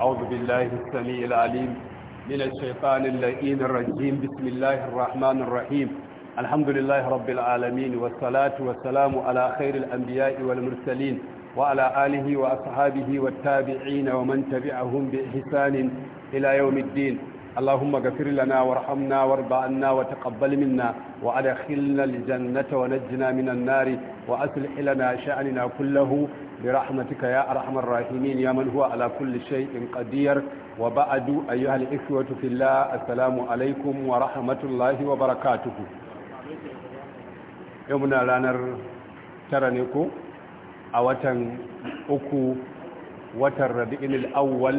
أعوذ بالله السميع العليم من الشيطان اللئيم الرجيم بسم الله الرحمن الرحيم الحمد لله رب العالمين والصلاة والسلام على خير الأنبياء والمرسلين وعلى آله وأصحابه والتابعين ومن تبعهم بإحسان إلى يوم الدين اللهم اغفر لنا وارحمنا وارض عنا وتقبل منا وادخلنا الجنة ونجنا من النار وأصلح لنا شأننا كله برحمتك يا أرحم الراحمين يا من هو على كل شيء قدير وبعد أيها الإخوة في الله السلام عليكم ورحمة الله وبركاته يومنا لانر ترنكو أوتن أكو وتر الأول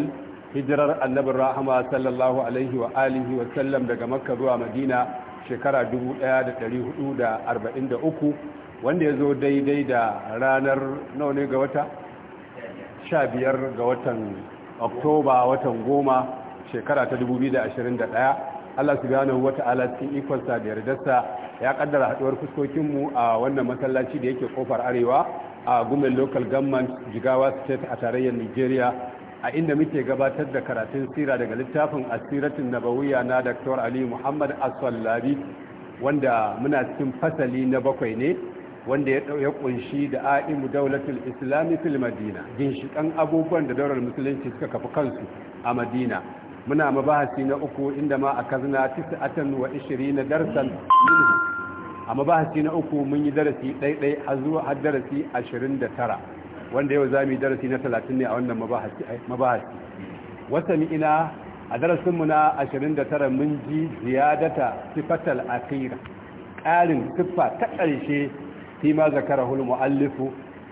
hijirar annabin rahama sallallahu alaihi wa alihi wa sallam daga makka zuwa madina shekara 1443 wanda ya zo daidai da ranar nawa ne ga wata 15 ga watan oktoba watan goma shekara ta 2021 allah su wa wata cikin ikonsa da yardarsa ya kaddara haduwar fuskokinmu a wannan masallaci da yake kofar arewa a gumen local government jigawa state a tarayyar nigeria a inda muke gabatar da karatun sira daga littafin asiratin nabawiya na dr ali muhammad aswallabi wanda muna cikin fasali na bakwai ne wanda ya kunshi da a'imu daulatul islami fil madina ginshikan abubuwan da daular musulunci suka kafa kansu a madina muna mabahasi na uku inda ma a kazna tis'atan wa na darsan a mabahasi na uku mun yi darasi ɗaiɗai har zuwa har darasi ashirin da tara wanda yau za mu yi darasi na talatin ne a wannan mabahasi eh, wata ina a darasinmu na ashirin da tara mun ji ziyadata sifatar akira ƙarin siffa ta ƙarshe fi ma zakara hul mu'allifu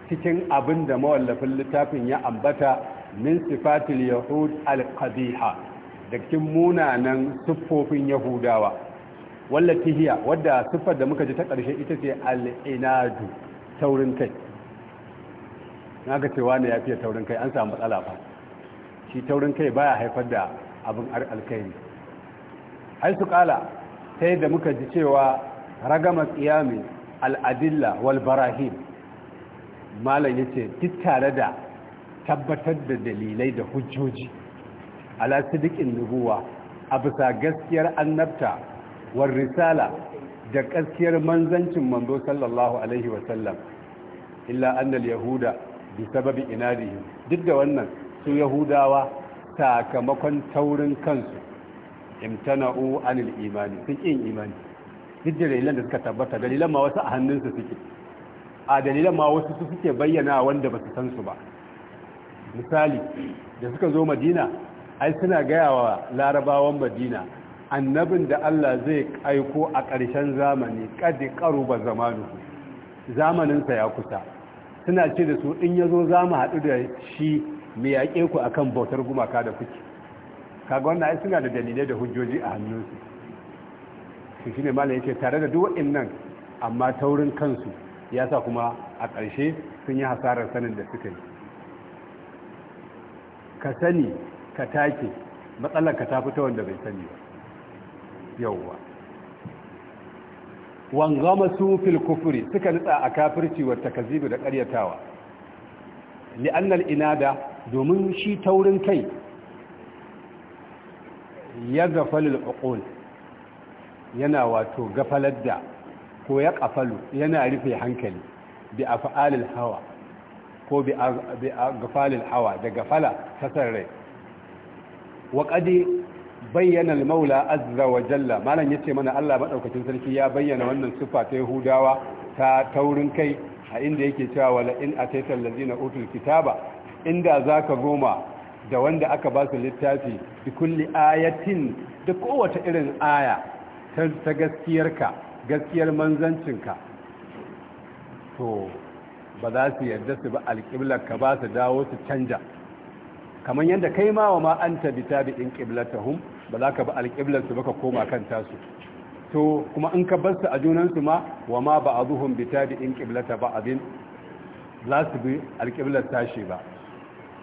cikin abin da mawallafin littafin ya ambata min sifatil yahud al-qabiha da cikin munanan siffofin yahudawa wallati hiya wadda siffar da muka ji ta ƙarshe ita ce al-inadu taurin kai na ga cewa ne ya fiye taurin kai an samu matsala ba shi taurin kai baya haifar da abin alkairi ai su kala ta yadda muka ji cewa ragama tsiyami al'adilla wal barahim malam ya ce duk tare da tabbatar da dalilai da hujjoji ala sidikin nubuwa a bisa gaskiyar annabta war risala da gaskiyar manzancin manzo sallallahu alaihi wasallam illa annal yahuda bisababi inadihim duk da wannan su yahudawa sakamakon taurin kansu imtana'u anil imani sun yin imani duk da dalilan da suka tabbata dalilan ma wasu a hannunsu suke a dalilan ma wasu su suke bayyana wanda ba su san su ba misali da suka zo madina ai suna gaya wa larabawan madina annabin da Allah zai aiko a ƙarshen zamani ƙadi ƙaru ba zamaninsa ya kusa suna ce da su in yazo zo za mu haɗu da shi mai yaƙe ku akan bautar gumaka da kuke kaga wannan ai suna da dalilai da hujjoji a hannunsu shi ne malam yake tare da duk nan amma taurin kansu ya sa kuma a ƙarshe sun yi hasarar sanin da suka yi ka sani ka take matsalar ka ta fita wanda bai sani ba yauwa wangamasu fil kufri suka nutsa a kafirci wa takazibu da ƙaryatawa li'annal inada domin shi taurin kai ya gafalul uqul yana wato gafalar da ko ya kafalu yana rufe hankali bi af'alil hawa ko bi gafalil hawa da gafala ta rai wa qadi bayyana maula azza wa jalla malam yace mana Allah madaukakin sarki ya bayyana wannan sifa ta Yahudawa ta taurin kai a inda yake cewa wala in ataytal ladina utul kitaba inda zaka goma da wanda aka ba su littafi bi kulli ayatin da kowace irin aya ta gaskiyarka gaskiyar manzancinka to ba za su yarda su ba alƙiblar ka ba su dawo su canja kamar yadda kai ma wa ma an tabi tabi ɗin hum? ba za ka ba alƙiblarsu ba ka koma kan tasu to kuma in ka bar a junansu ma wa ma ba a zuhun bi tabi in ƙiblata ba abin za su bi alƙiblar tashi ba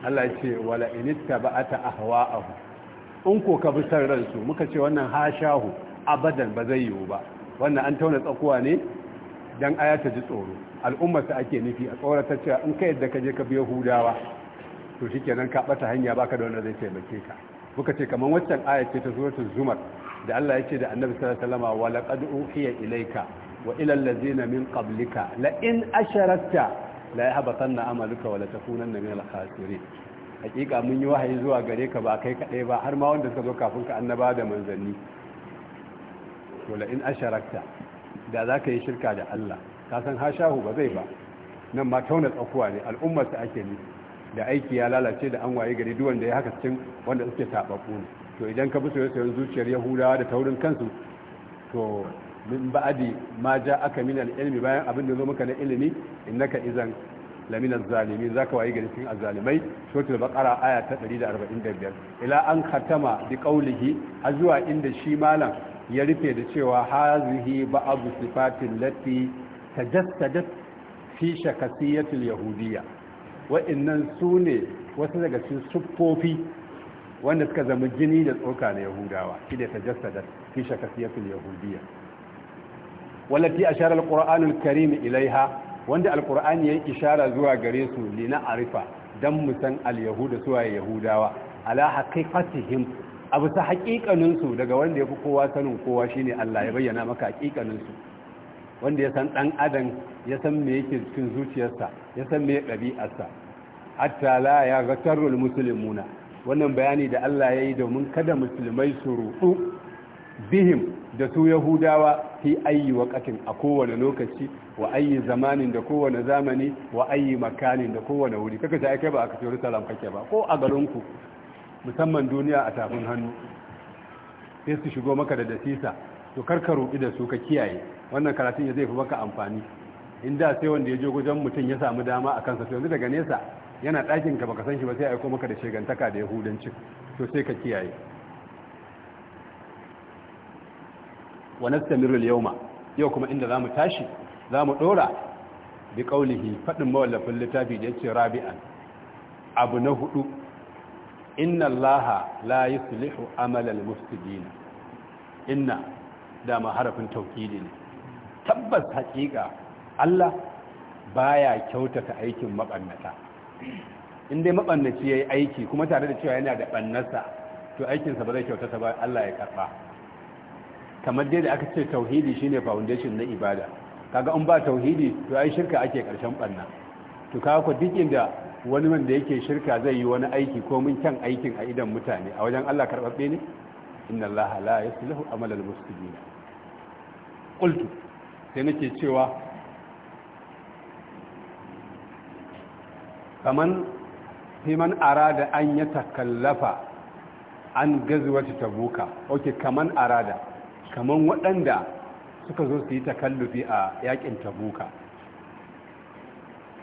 Allah ce wala inista ba a ta ahwa'ahu in ko ka bi san ransu muka ce wannan hashahu abadan ba zai yiwu ba wannan an tauna tsakuwa ne dan aya ta ji tsoro al'ummarsa ake nufi a tsorata cewa in ka yadda ka je ka bi hudawa to shikenan ka ɓata hanya baka da wanda zai taimake ka muka ce kamar waccan aya ce ta suratul zumar da Allah ce da annabi sallallahu alaihi wasallam wa laqad uhiya ilayka wa ila allazina min qablika la in asharakta la yahbatanna amaluka wa la takunanna min al-khasirin hakika mun yi wahayi zuwa gare ka ba kai kadai ba har ma wanda suka zo kafin ka annaba da manzanni to la in asharakta da za ka yi shirka da Allah ka san hashahu ba zai ba nan ma tauna tsakuwa ne al'ummar ake nufi da aiki ya lalace da an waye gari duwanda ya haka cikin wanda suke tababbu ne to idan ka bi sayan zuciyar yahudawa da taurin kansu to min ba'adi ma ja aka min al-ilmi bayan abin da zo maka na ilimi innaka izan lamina zalimi zaka waye gari cikin azzalimai suratul baqara aya ta 145 ila an khatama bi qawlihi azwa inda shi malam ya rufe da cewa hazihi ba'd sifatin lati tajassadat fi shakasiyatil yahudiyya waɗannan su ne wasu daga cikin siffofi wanda suka zama jini da tsoka na yahudawa shi da da fi shakasiyatul yahudiyya a ashara alqur'anul karim ilaiha wanda alqur'ani ya yi ishara zuwa gare su na arifa dan musan alyahuda suwa yahudawa ala haqiqatihim abu ta haqiqanin daga wanda ya fi kowa sanin kowa shine Allah ya bayyana maka haƙiƙaninsu wanda ya san dan adam ya san me yake cikin zuciyarsa ya san me ɗabi'arsa hatta la ya ga tarrul muslimuna wannan bayani da Allah ya yi domin kada musulmai su ruɗu bihim da su yahudawa fi ayi waqatin a kowane lokaci wa ayi zamanin da kowane zamani wa ayi makanin da kowane wuri kaka ta kai ba aka ce Jerusalem kake ba ko a garinku musamman duniya a tafin hannu sai su shigo maka da dasisa to karka roƙi da su ka kiyaye wannan karatun ya zai fi maka amfani in da sai wanda ya je gujen mutum ya samu dama a kansa to yanzu daga nesa yana ɗakin ka baka san shi ba sai aiko maka da shegantaka da yahudanci to sai ka kiyaye wa nastamiru al-yawma yau kuma inda zamu tashi zamu dora bi qawlihi fadin mawallafin littafi da yace rabi'an abu na hudu inna allaha la yuslihu amal al inna dama harafin tauhidi ne tabbas hakika Allah baya kyautata aikin mabannata in dai mabannaci yayi aiki kuma tare da cewa yana da bannasa to aikin sa ba zai kyautata ba Allah ya karba kamar dai da aka ce tauhidi shine foundation na ibada kaga in ba tauhidi to ai shirka ake karshen banna to kaga ko duk inda wani wanda yake shirka zai yi wani aiki ko mun kyan aikin a idan mutane a wajen Allah karbabbe ne inna laha la yuslihu amala muslimin Ƙultu sai nake cewa kaman himan arada an ya takallafa an gazuwata tabuka ok kaman arada kaman waɗanda suka zo su yi takallufi a yakin tabuka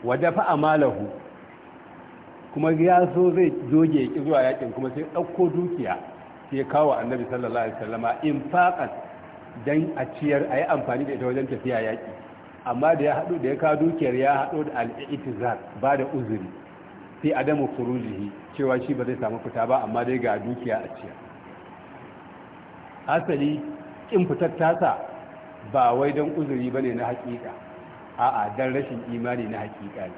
wadda fa'a malahu kuma ya zo zai joge ya zuwa yakin kuma sai ɗauko dukiya sai kawo annabi sallallahu alaihi in faƙas don a ciyar a yi amfani da ita wajen tafiya yaƙi amma da ya haɗu da ya kawo dukiyar ya haɗu da al'itizar ba da uzuri sai adamu furujihi cewa shi ba zai samu fita ba amma dai ga dukiya a ciyar asali ƙin fitar tasa ba wai don uzuri ba ne na haƙiƙa a'a don rashin imani na haƙiƙa ne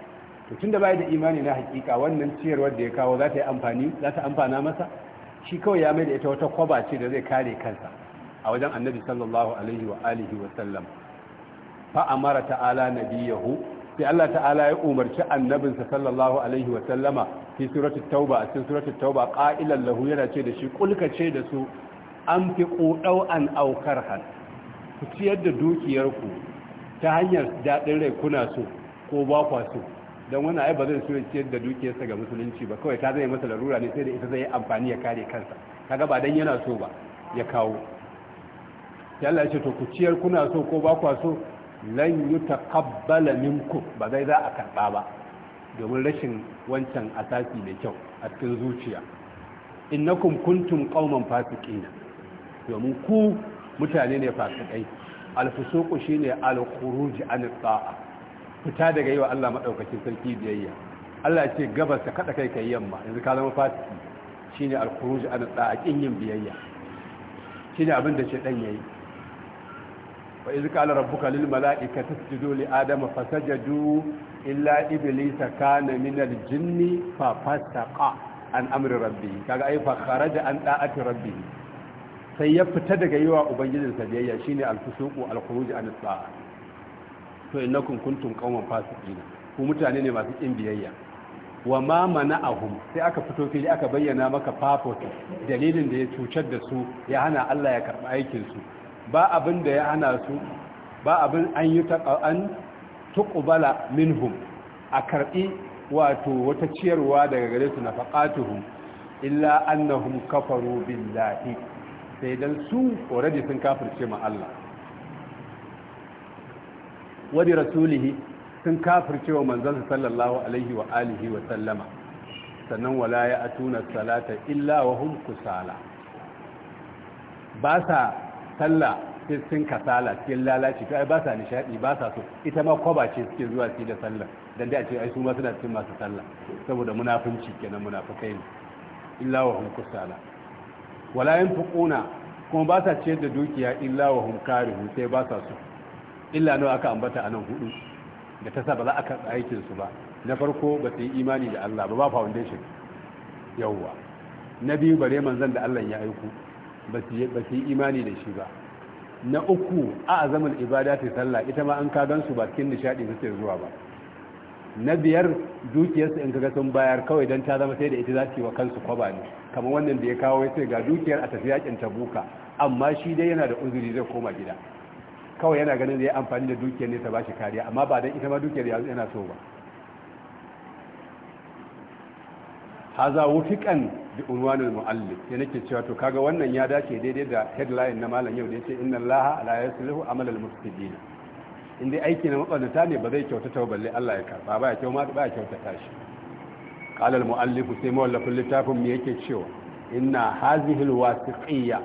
to tun da baya da imani na haƙiƙa wannan ciyar wanda ya kawo za ta yi amfani za ta amfana masa shi kawai ya mai da ita wata kwaba ce da zai kare kansa a wajen annabi sallallahu alaihi wa alihi wa sallam fa'amara ta'ala nabiyahu sai Allah ta'ala ya umarci annabinsa sallallahu alaihi wa sallama fi surati tauba a cikin surati tauba qa'ilan lahu yana ce da shi kulkace ce da su an fi qudau an aukar hal ku ciyar da dukiyarku ta hanyar dadin rai kuna so ko ba kwa so don wani ai ba zai so ciyar da dukiyarsa ga musulunci ba kawai ta zai masa larura ne sai da ita zai amfani ya kare kansa kaga ba dan yana so ba ya kawo sai ce to ku ciyar kuna so ko ba ku so lan yutaqabbala minkum ba zai za a karba ba domin rashin wancan asasi da kyau a cikin zuciya innakum kuntum qauman fasiqina domin ku mutane ne fasikai alfusuqu shine alkhuruj an ta'a fita daga yiwa Allah madaukakin sarki biyayya Allah ce gabas ka kada kai kai yamma yanzu ka zama fasiki shine alkhuruj an ta'a kin yin biyayya shine abin da shedan yayi wa iz qala rabbuka lil mala'ikati isjudu li adama fasajadu illa iblisa kana min al jinni fa fasaqa an amri rabbi kaga ai fa kharaja an da'ati rabbi sai ya fita daga yiwa ubangijin sa biyayya shine al fusuqu al khuruj an sa'a to innakum kuntum qauman fasiqin ku mutane ne masu kin biyayya wa ma mana'ahum sai aka fito fili aka bayyana maka fafot dalilin da ya cucar da su ya hana Allah ya karba aikin su ba abin da ya hana su ba abin an yi an tuqbala minhum a karbi wato wata ciyarwa daga gare su nafaqatuhum illa annahum kafaru billahi sai dan su already sun kafirce ma Allah wa bi rasulihi sun kafirce wa manzon sallallahu alaihi wa alihi wa sallama sannan wala ya atuna salata illa wa hum kusala ba sa sallah sai sun kasala cikin lalaci to ai ba sa nishadi ba sa so ita ma kwaba ce suke zuwa su da sallah dan dai a ce ai su ma suna cikin masu sallah saboda munafunci kenan munafikai ne illa wa hum kusala wala yanfuquna kuma ba sa ciyar da dukiya illa wa hum karihu sai ba sa so illa nawa aka ambata anan hudu da ta sa ba za a karɓi aikin su ba na farko ba su yi imani da Allah ba ba foundation yawwa na biyu bare manzon da Allah ya aiko ba su yi imani da shi ba na uku a azamin ibada ta sallah ita ma an ka gan su bakin nishadi suke zuwa ba na biyar dukiyarsu in kaga sun bayar kawai don ta zama sai da ita za ta yi wa kansu kwaba ne kamar wannan da ya kawo sai ga dukiyar a tafi yakin tabuka amma shi dai yana da uzuri zai koma gida kawai yana ganin zai amfani da dukiyar ne ta ba shi kariya amma ba don ita ma dukiyar yanzu yana so ba haza wufiƙan bi unwanul muallif sai nake cewa to kaga wannan ya dace daidai da headline na malam yau da yace inna allaha la yaslihu amal al mufsidin indai aiki na matsanta ne ba zai kyautata ba balle Allah ya karba ba ya kyau ma ba ya kyautata shi qala al muallif sai mawallafin littafin me yake cewa inna hazihi al wasiqiyya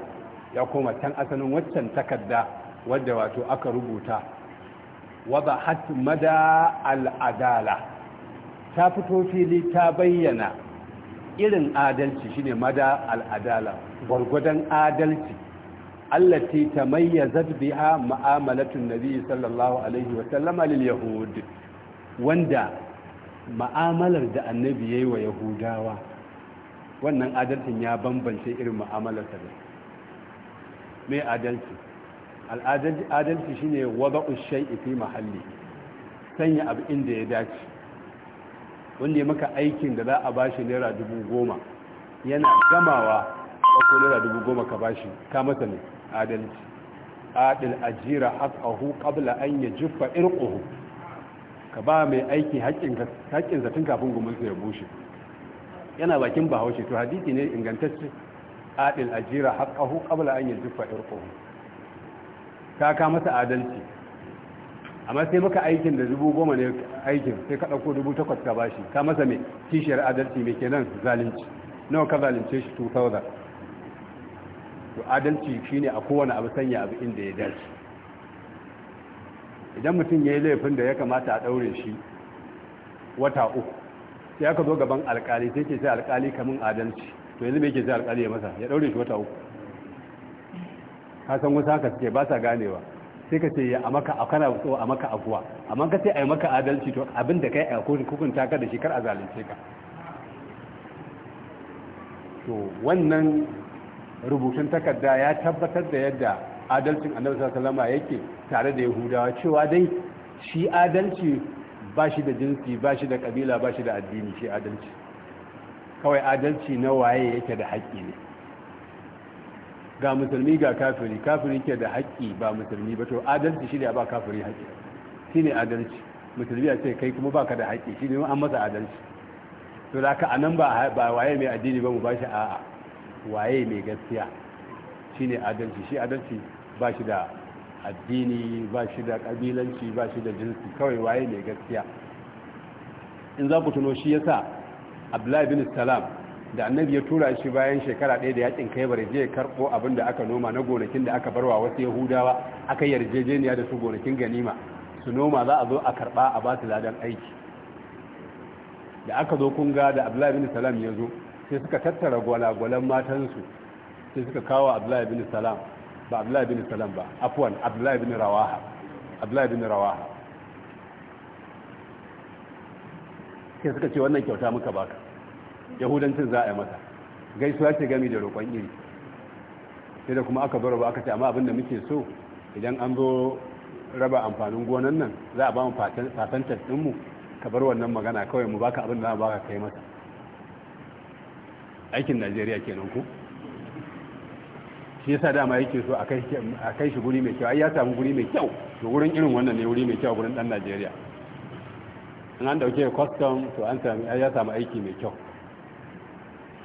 ya koma can asalin waccan takarda wadda wato aka rubuta hat mada al adala ta fito fili ta bayyana irin adalci shine mada al'adala gwargwadon adalci allati tamayyazat biha ma'amalatun nabi sallallahu alaihi wa sallama lil yahud wanda ma'amalar da annabi yayi wa yahudawa wannan adalcin ya bambance irin ma'amalar ta mai adalci al'adalci shine wada'u shay'i fi mahalli sanya abu inda ya dace wanda ya maka aikin da za a bashi naira dubu goma yana gamawa ko naira dubu goma ka bashi ka masa ne adalci adal ajira haƙahu ƙabla an ya juffa irƙuhu ka ba mai aiki haƙƙin tun kafin gumunsa ya bushe yana bakin bahaushe to hadisi ne ingantacce adal ajira haƙahu ƙabla an ya juffa irƙuhu ka ka masa adalci amma sai maka aikin da dubu goma ne aikin sai ka ɗauko dubu takwas ka bashi ka masa mai kishiyar adalci mai kenan zalunci nawa ka zalunce shi 2000 to adalci shine a kowane abu sanya abu inda ya dace idan mutum ya yi laifin da ya kamata a ɗaure shi wata uku sai aka zo gaban alkali sai ke sai alkali kamun adalci to yanzu mai ke sai alkali ya masa ya ɗaure shi wata uku ka san wasu haka suke ba sa ganewa sai ka ce ya a maka kana so a maka afuwa amma ka ce a maka adalci to abin da kai a kuri hukunta ka da shi kar a zalunce ka to wannan rubutun takarda ya tabbatar da yadda adalcin annabi sallallahu yake tare da yahudawa cewa dai shi adalci ba shi da jinsi ba shi da kabila ba shi da addini shi adalci kawai adalci na waye yake da haƙƙi ne ga musulmi ga kafiri kafiri ke da haƙƙi ba musulmi ba to adalci shi ne a ba kafiri haƙƙi shi ne adalci musulmi a ce kai kuma baka da haƙƙi shi ne an masa adalci to da a anan ba waye mai addini ba mu ba shi a'a waye mai gaskiya shi ne adalci shi adalci ba shi da addini ba shi da ƙabilanci ba shi da jinsi kawai waye mai gaskiya in za ku tuno shi yasa abdullahi bin salam da annabi ya tura shi bayan shekara ɗaya da yakin kaibar je karɓo abin da aka noma na gonakin da aka barwa wasu yahudawa aka yarjejeniya da su gonakin ganima su noma za a zo a karɓa a ba su ladan aiki da aka zo kunga da abdullahi bin salam ya zo sai suka tattara gwalagwalan matansu sai suka kawo abdullahi bin salam ba abdullahi bin salam ba abdullahi abdullahi bin rawaha sai suka ce wannan kyauta muka baka yahudancin za a yi mata gaisuwa ce gami da roƙon iri sai da kuma aka barba aka ce amma abin da muke so idan an zo raba amfanin gonan nan za a ba mu fatantar ɗinmu ka bar wannan magana kawai mu baka abin da za baka kai mata aikin najeriya kenan ku shi yasa dama yake so a kai shi guri mai kyau ai ya samu guri mai kyau to wurin irin wannan ne wuri mai kyau gurin dan najeriya in an dauke custom to an sami ya samu aiki mai kyau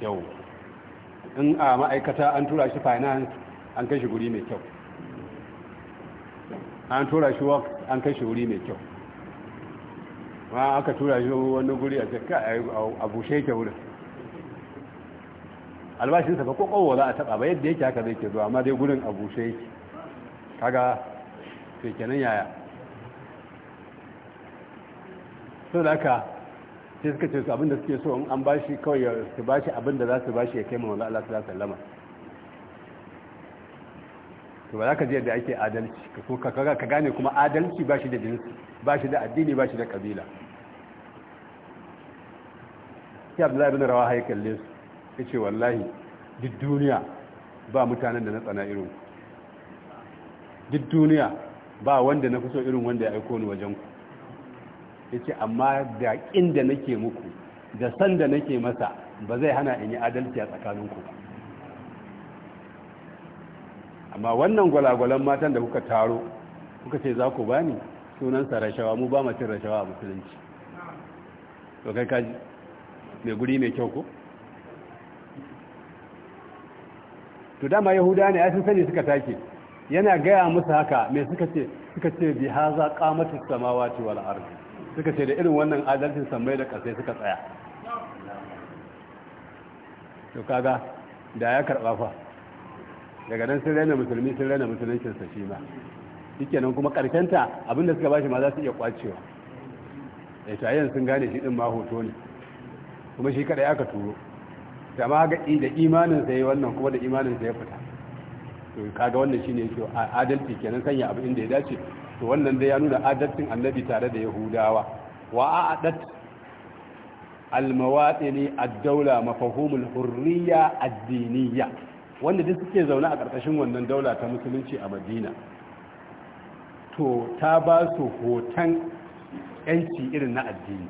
yau in a ma'aikata an tura shi finance an kai shi guri mai kyau an tura shi work an kai shi wuri mai kyau ma aka tura shi wani guri a cikin a bushe yake wurin albashinsa ba kokowa za a taba ba yadda yake haka zai ke zuwa amma dai gudun a bushe kaga sai yaya so da haka sai suka ce su abin da suke so an an bashi kawai su bashi abin da za su bashi ya kai ma Allah sallallahu alaihi su to ba za ka je da ake adalci ka gane kuma adalci ba shi da jinsi ba shi da addini ba shi da kabila sai abdullahi bin rawa ya kalle su ya ce wallahi duk duniya ba mutanen da na tsana irin duk duniya ba wanda na fi so irin wanda ya aiko ni wajen ku ce amma da inda nake muku da san da nake masa ba zai hana in yi adalci a tsakaninku ba amma wannan gwalagwalan matan da kuka taro kuka ce za ku bani sunansa rashawa mu ba cin rashawa a musulunci to kai kaji mai guri mai kyau ko to dama yahuda ne sun sani suka take yana gaya musu haka mai suka ce suka ce bi haza qamatu samawati wal ardi suka ce da irin wannan adalcin sammai da ƙasai suka tsaya to kaga da ya karɓa fa daga nan sun raina musulmi sun raina musuluncinsa shi ma shikenan kuma karkenta abinda suka bashi ma za su iya kwacewa da eh, tayin sun gane shi din ma hoto ne kuma shi kadai aka turo da ma ga da imanin sa yayi wannan kuma da imanin sa ya fita to kaga wannan shine yake adalci kenan sanya abu inda ya dace to wannan dai ya nuna adalcin annabi tare da yahudawa wa adat almawatini addaula daula mafahumul hurriya addiniya. wanda duk suke zaune a ƙarƙashin wannan daula ta musulunci a Madina to ta ba su hoton yanci irin na addini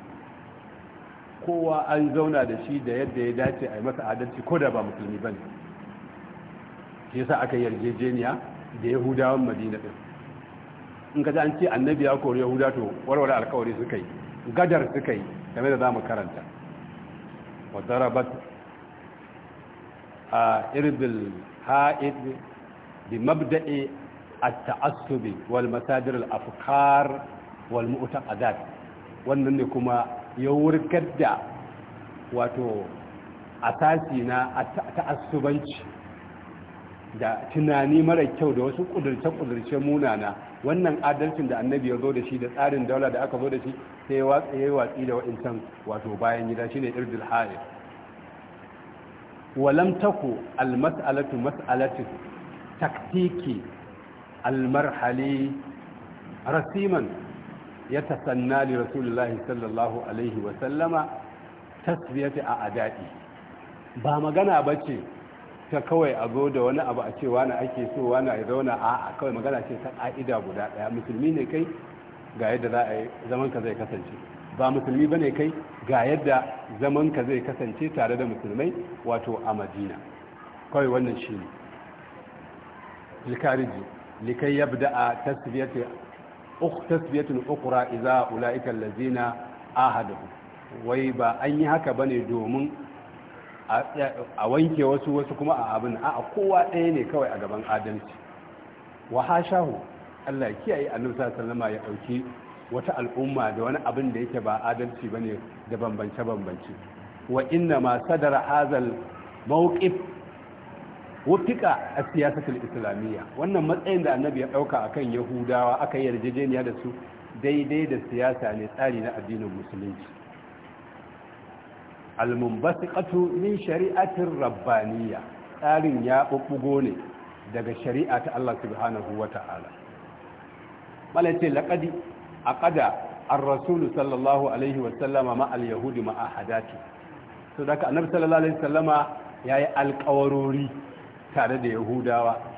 kowa an zauna da shi da yadda ya dace a yi masa adalci ko da ba musulmi ba ne? shi yasa aka yarjejeniya da yahudawan madina din in ka ji an ce annabi ya kori yahuda to warware alkawari suka yi gadar suka yi game da zamu karanta wa darabat a irbil ha'id bi mabda'i at-ta'assub wal masadir al-afkar wal mu'taqadat wannan ne kuma ya wurgar da wato asasi na ta'assubanci da tunani mara kyau da wasu kudurce-kudurce munana wannan adalcin da annabi ya zo da shi da tsarin daula da aka zo da shi sai ya yi watsi da wa'incan wato bayan gida shi shine irjil ha'ir walam taku almas'alatu mas'alatu taktiki almarhali rasiman tasanna li rasulullahi sallallahu alaihi Wasallama a adai ba magana bace ta kawai a zo da wani abu a ce wani ake so wani a zauna a kawai magana ce ta ƙa'ida guda ɗaya musulmi ne kai ga yadda za a yi zaman ka zai kasance ba musulmi ba ne kai ga yadda zaman ka zai kasance tare da musulmai wato a madina kawai wannan shi ne likariji likai yabda a tasbiyatun ukura iza ula'ikan lazina ahadahu wai ba an yi haka ba ne domin a wanke wasu wasu kuma a abin a kowa ɗaya ne kawai a gaban adalci wa hashahu Allah ya kiyaye annabi sallallahu ya dauki wata al'umma da wani abin da yake ba adalci bane da bambance bambance wa inna ma sadara hazal mawqif wutika a siyasatul islamiyya wannan matsayin da annabi ya dauka akan yahudawa aka yarjejeniya da su daidai da siyasa ne tsari na addinin musulunci almumbasiqatu min shari'atin rabbaniya tsarin ya bubbugo ne daga shari'a ta Allah subhanahu wata'ala malace laqadi aqada ar-rasul sallallahu alaihi wa sallama ma al-yahudi ma ahadati to daga annabi sallallahu alaihi wa sallama yi alƙawarori tare da yahudawa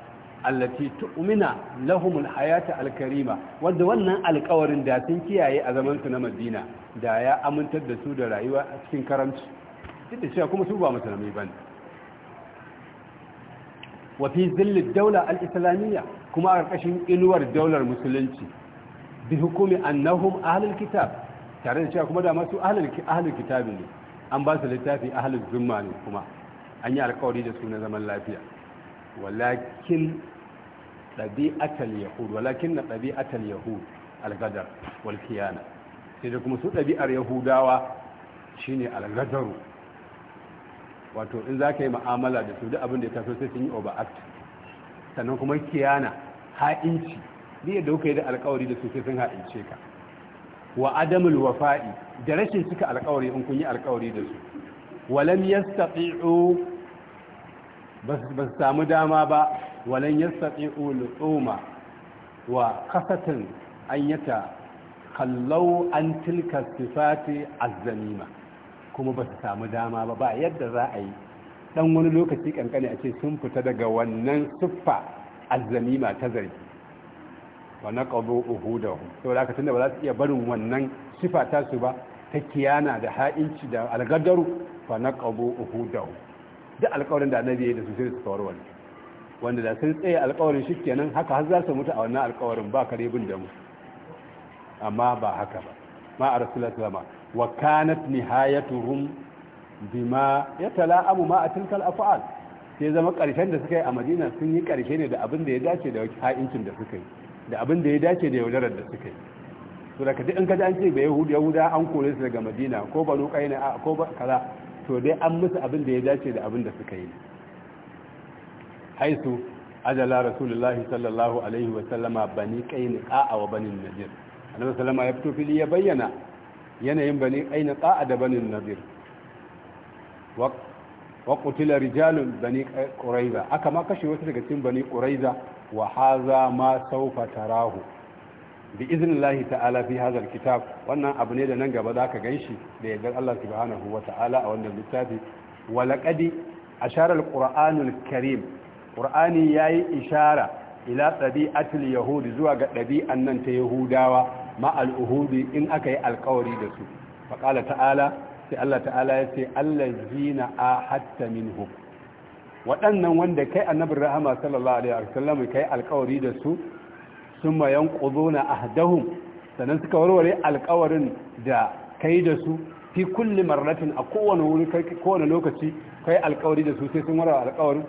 allati tu'mina lahumul hayata alkarima wanda wannan alƙawarin da sun kiyaye a zaman su na Madina da ya amintar da su da rayuwa a cikin karamci duk da cewa kuma su ba musulmai bane wa fi zillid dawla al-islamiyya kuma a ƙarƙashin inuwar daular musulunci bi hukumi annahum ahlul kitab tare da cewa kuma da masu ahlul kitabi ne an ba su littafi ahlul zumma ne kuma an yi alƙawari da su na zaman lafiya walakin ɗabi'atal yahud walakin na ɗabi'atal yahud algadar walkiyana sai da kuma su ɗabi'ar yahudawa shine algadaru wato in za ka yi ma'amala da su duk abin da ya taso sai sun yi overact sannan kuma kiyana ha'inci duk yadda kuka yi da alkawari da su sai sun ha'ince ka wa adamul wafa'i da rashin cika alkawari in kun yi alkawari da su walam yastati'u ba su samu dama ba walan yastati ulu'uma wa kasatan an yata kallau an tilka sifati azzamima kuma ba su samu dama ba ba yadda za a yi ɗan wani lokaci ƙanƙani a ce sun fita daga wannan siffa azzamima ta zargi wa na ƙazo uhudahu saboda aka tunda ba za su iya barin wannan sifa ta su ba ta kiyana da ha'inci da algadaru fa na da hu duk alƙawarin da annabi ya da su sai su wani, wanda da sun tsaye alƙawarin shi kenan haka har za su mutu a wannan alƙawarin ba kare bin da amma ba haka ba ma a rasulullah sallama wa kanat nihayatuhum bima yatala'amu ma tilkal af'al sai zama ƙarshen da suka yi a madina sun yi ƙarshe ne da abin da ya dace da ha'incin da suka yi da abin da ya dace da yaudarar da suka yi to da in ji an ce ba yahuda yahuda an kore su daga madina ko banu qaina ko kaza to dai an musu abin da ya dace da abin da suka yi haisu ajala rasulullahi sallallahu alaihi wa sallama bani qaini qa'a wa bani najir annabi sallama ya fito fili ya bayyana yanayin bani qaini qa'a da bani najir wa qutila rijalun bani quraiza aka ma kashe wasu daga cikin bani quraiza wa haza ma sawfa tarahu bi iznillahi ta'ala fi hazar kitab wannan abu ne da nan gaba za ka ganshi da yardar Allah subhanahu wa ta'ala a wannan littafi wa laqad ashara al karim qur'ani yi ishara ila ɗabi'atul yahudi zuwa ga ɗabi'an nan ta yahudawa ma al in aka yi alƙawari da su faƙala ta'ala sai Allah ta'ala ya ce allazina ahatta hu. waɗannan wanda kai annabin rahama sallallahu alaihi wasallam kai alƙawari da su sun mayan ƙuzuna a dahun sannan suka warware alkawarin da ka yi da su fi kulli marratin a kowane wuri kowane lokaci kai alkawari da su sai sun warware alkawarin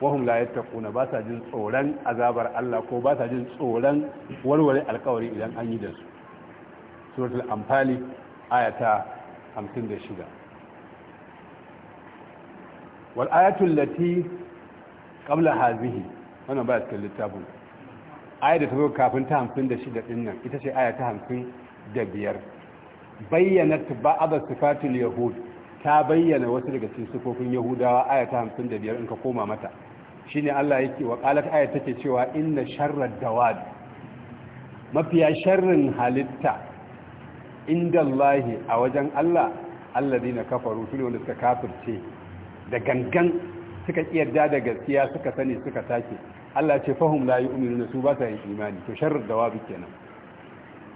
wahum la yattaquna ba sa jin tsoron azabar Allah ko ba sa jin tsoron warware alkawari idan an yi da su suratul anfali ayata 56 wal ayatul lati qabla hadhihi wannan ba cikin littafin aya da ta zo kafin ta hamsin da shida ɗin nan ita ce aya ta hamsin da biyar bayyana ba'aba sifatul yahud ta bayyana wasu daga cikin sufofin yahudawa aya ta hamsin da biyar in ka koma mata shine Allah yake wa aya take cewa inna sharrad dawad mafiya sharrin halitta inda a wajen Allah alladina kafaru su ne wanda suka kafirce da gangan suka kiyarda da gaskiya suka sani suka take Allah ce fahum la na su ba sa yin imani to sharrud dawabi kenan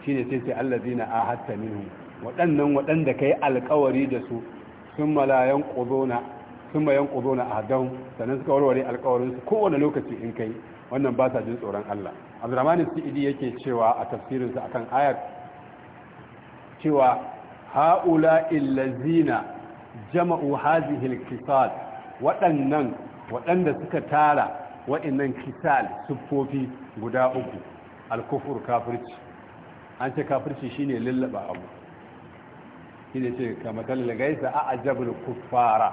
shine sai Allah allazina ahadta minhum waɗannan waɗanda kai alƙawari da su sun malayan quduna sun mayan sannan suka warware alƙawarin su kowane lokaci in kai wannan ba sa jin tsoron Allah Abdurrahman Sa'idi yake cewa a tafsirin sa akan ayat cewa haula illazina jama'u hadhihi alqisal waɗannan waɗanda suka tara Waɗannan kisal siffofi guda uku alkufur kafirci an ce kafirci shine lallaba abu shine ce kamar talil gaisa a ajabul kufara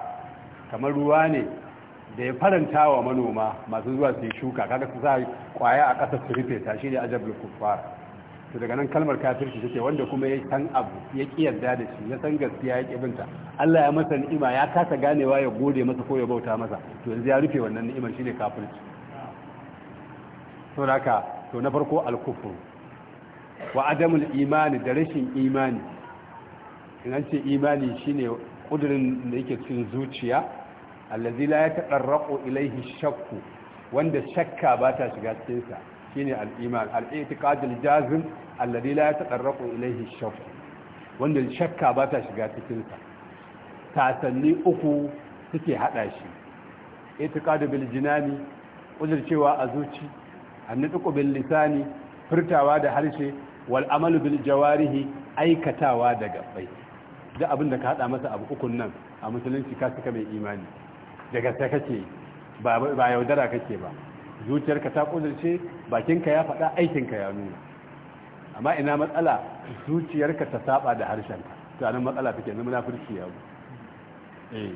kamar ruwa ne da ya faranta wa manoma masu zuwa su yi shuka kaga su sa kwaya a ƙasa su rufe ta shine ajabul to daga nan kalmar kafirci take wanda kuma ya san abu ya ki yarda da shi ya san gaskiya ya ki binta Allah ya masa ni'ima ya kasa ganewa ya gode masa ko ya bauta masa to yanzu ya rufe wannan ni'imar shine kafirci to haka to na farko al-kufr wa adamul imani da rashin imani idan ce imani shine kudurin da yake cikin zuciya allazi la yataqarraqu ilayhi shakku wanda shakka ba ta shiga cikin sa shine al-iman al-i'tiqad al-jazim alladhi la yataqarrabu ilayhi shakk wanda shakka ba ta shiga cikin sa tasanni uku suke hada shi i'tiqad bil jinani uzurcewa a zuci annutqu bil lisani furtawa da harshe wal amalu bil jawarihi aikatawa da gabbai duk abin da ka hada masa abu ukun nan a musulunci ka suka mai imani daga ta kake ba yaudara kake ba zuciyarka ta kudurce bakinka ya faɗa aikinka ya nuna amma ina matsala zuciyarka ta saba da harshenka tunanin matsala take na munafurci ya bu eh,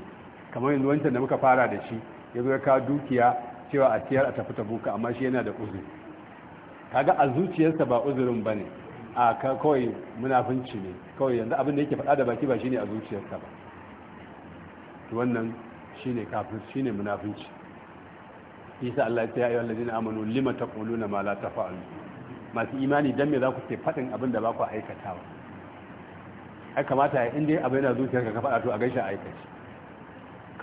kamar yanzu wancan da muka fara da shi ya zo ya kawo dukiya cewa a tiyar a tafi ta buka amma shi yana da uzuri kaga a zuciyarsa ba uzurin bane a kawai munafunci ne kawai yanzu abin da yake faɗa da baki ba shine a zuciyarsa ba wannan shine kafin shine munafunci yasa Allah ya ce wanda zina amanu lima ta na ma la fa’alu masu imani don me za ku ce faɗin abin da ba ku aikatawa ai kamata in dai abin da zuciyar ka fada to a gaishe aikaci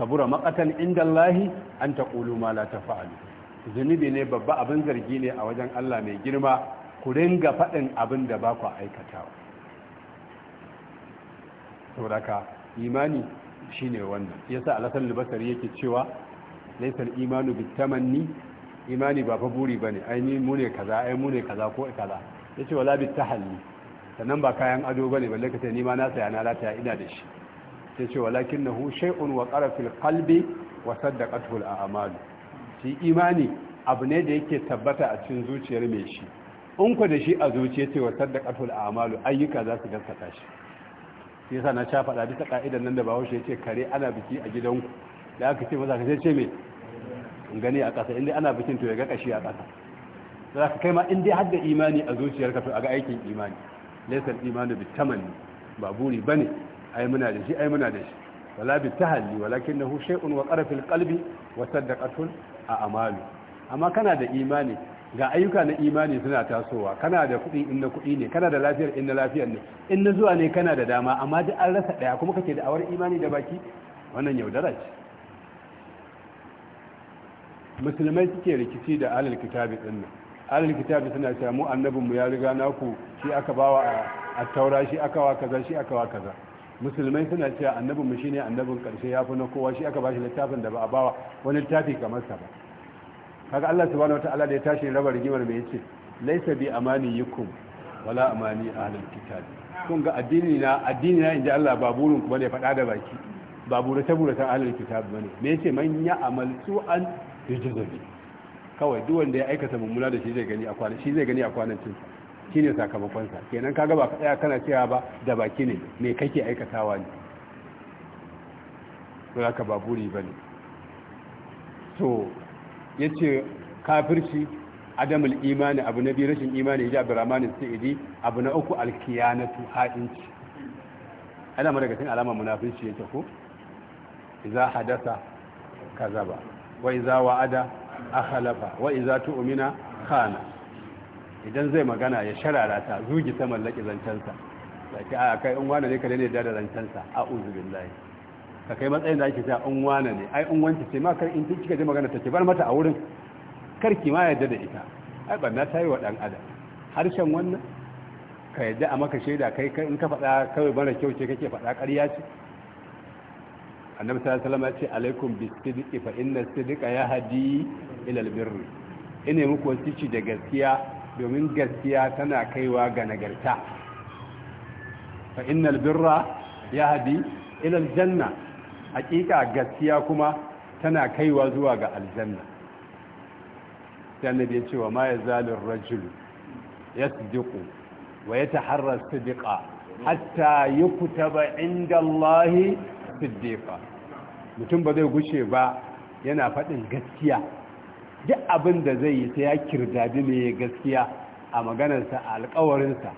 kabura makatan inda Allah an ta kulu ma la fa’alu zunubi ne babba abin zargi ne a wajen Allah mai girma ku ringa fadin abin da ba ku aikatawa saboda ka imani shine wannan yasa alasan libasari yake cewa laisar imanu bitamanni imani ba fa buri bane ai ni mu ne kaza ai mu ne kaza ko kaza yace wala bi bitahalli sannan ba kayan ado bane balle ka ce ni ma na saya na lataya ina da shi yace walakinahu shay'un wa qara fil qalbi wa saddaqathu al a'mal shi imani abu ne da yake tabbata a cikin zuciyar mai shi in ku da shi a zuciya ce wa saddaqathu al a'mal ayyuka za su gaskata shi sai sa na sha faɗa bisa ka'idan nan da bawo shi yace kare ana biki a gidanku da aka ce maza ka ce me gani a ƙasa inda ana bikin to ya ga ƙashi a ƙasa za ka kai ma inda dai har da imani a zuciyarka to a ga aikin imani laysal imanu bitamanni ba buri bane ai muna da shi ai muna da shi wala bitahalli walakinahu shay'un wa qarfil qalbi wa saddaqatul a'malu amma kana da imani ga ayyuka na imani suna tasowa kana da kuɗi in na kuɗi ne kana da lafiyar in na lafiyar ne in na zuwa ne kana da dama amma duk an rasa ɗaya kuma kake da awar imani da baki wannan yaudara ce musulmai suke rikici da alal kitabi din nan alal kitabi suna cewa mu annabin mu ya riga naku shi aka bawa a taura shi aka wa kaza shi aka wa kaza musulmai suna cewa annabin mu shine annabin karshe yafi na kowa shi aka bashi littafin da ba a bawa wani littafi kamar sa ba kaga Allah subhanahu wataala da ya tashi raba rigimar mai yace laysa bi amani yukum wala amani ahlul kitabi kun ga addini na addini na inji Allah ba burin ku bane faɗa da baki ba burata burata ahlul kitabi bane me yace man ya amal an. ya ji zabi kawai duk wanda ya aikata mummuna da shi zai gani a kwanan shi zai gani a kwanan cin shi ne sakamakonsa kenan kaga ba ka tsaya kana cewa ba da baki ne me kake aikatawa ne to haka ba buri bane to yace kafirci adamul imani abu na biyu rashin imani ya ji abdurrahman sa'idi abu na uku alkiyanatu ha'inci ana mara cikin alama munafinci yake ko idza hadasa kazaba wa iza wa'ada akhalafa wa iza tu'mina khana idan zai magana ya sharara ta zuji ta mallaki zancensa. sai a kai in wani ne ka ne da zancensa? a uzurin layi. ka kai matsayin da ake ta in ne ai in sai ce ma kar in kika ji magana take bar mata a wurin karki ma yadda da ita ai banna ta yi wa dan adam harshen wannan ka yadda a maka shaida kai in ka faɗa kawai mara kyau ce kake faɗa ƙarya ce annabi sallallahu alaihi wasallam ya ce alaikum bisidqi fa inna sidqa yahdi ila albirr ine muku wasici da gaskiya domin gaskiya tana kaiwa ga nagarta fa inna albirra yahdi ila aljanna hakika gaskiya kuma tana kaiwa zuwa ga aljanna sai annabi ya ce wa ma yazalu ar-rajul yasdiqu wa yataharra sidqa hatta yukutaba inda Allahi siddiqa mutum ba zai gushe ba yana faɗin gaskiya duk abin da zai yi sai ya kirdadi ne gaskiya a maganarsa a sa,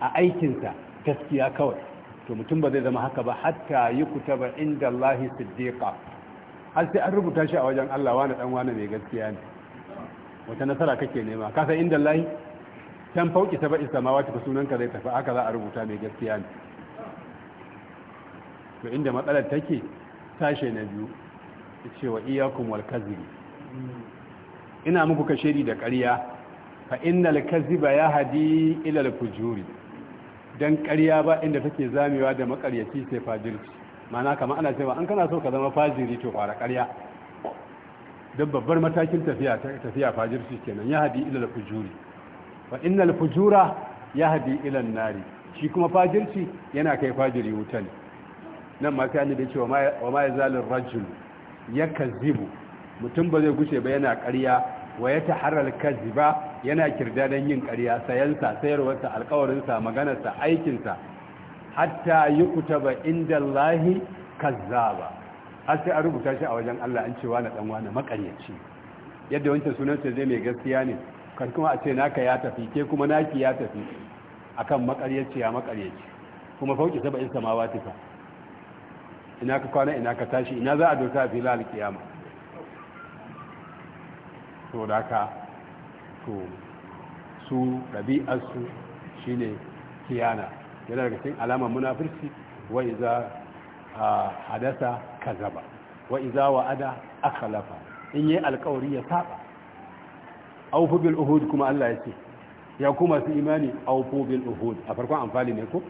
a aikinsa gaskiya kawai to mutum ba zai zama haka ba hatta yukutaba inda Allahi siddiqa har sai an rubuta shi a wajen Allah wani dan wani mai gaskiya ne wata nasara kake nema ka san inda Allah can fauki ta ba'i samawati fa sunanka zai tafi aka za a rubuta mai gaskiya ne to inda matsalar take sashe na biyu wa iyakum wal kazibi ina muku kashiri da ƙarya fa innal kaziba ya ila al fujuri dan ƙarya ba inda take zamewa da makaryaci sai fajirci mana kamar ana cewa an kana so ka zama fajiri to fara ƙarya Don babbar matakin tafiya tafiya fajirci kenan ya ila al fujuri fa innal fujura yahdi ila an-nari shi kuma fajirci yana kai fajiri ne nan ma sai da cewa wa ma yazalur rajul yakazibu mutum ba zai gushe ba yana ƙarya wa ya taharral kaziba yana kirdadan yin ƙarya sayansa sayarwarsa sa maganarsa aikinsa hatta yi hatta inda Allahi kazzaba har sai an rubuta shi a wajen Allah an cewa na ɗanwana wani makaryaci yadda wancan sunansa zai mai gaskiya ne kan kuma a ce naka ya tafi ke kuma naki ya tafi akan makaryaci ya makaryaci kuma fauki saba'in samawa tuka ina ka kwana ina ka tashi ina za a dosa a fila kiyama to da ka to su ɗabi'arsu shine kiyana yana daga cikin alama munafirci wa iza hadasa kazaba wa iza wa'ada akhlafa in yi alkawari ya saba aufu bil uhud kuma Allah ya ce ya ku masu imani aufu bil uhud a farkon amfani ne ku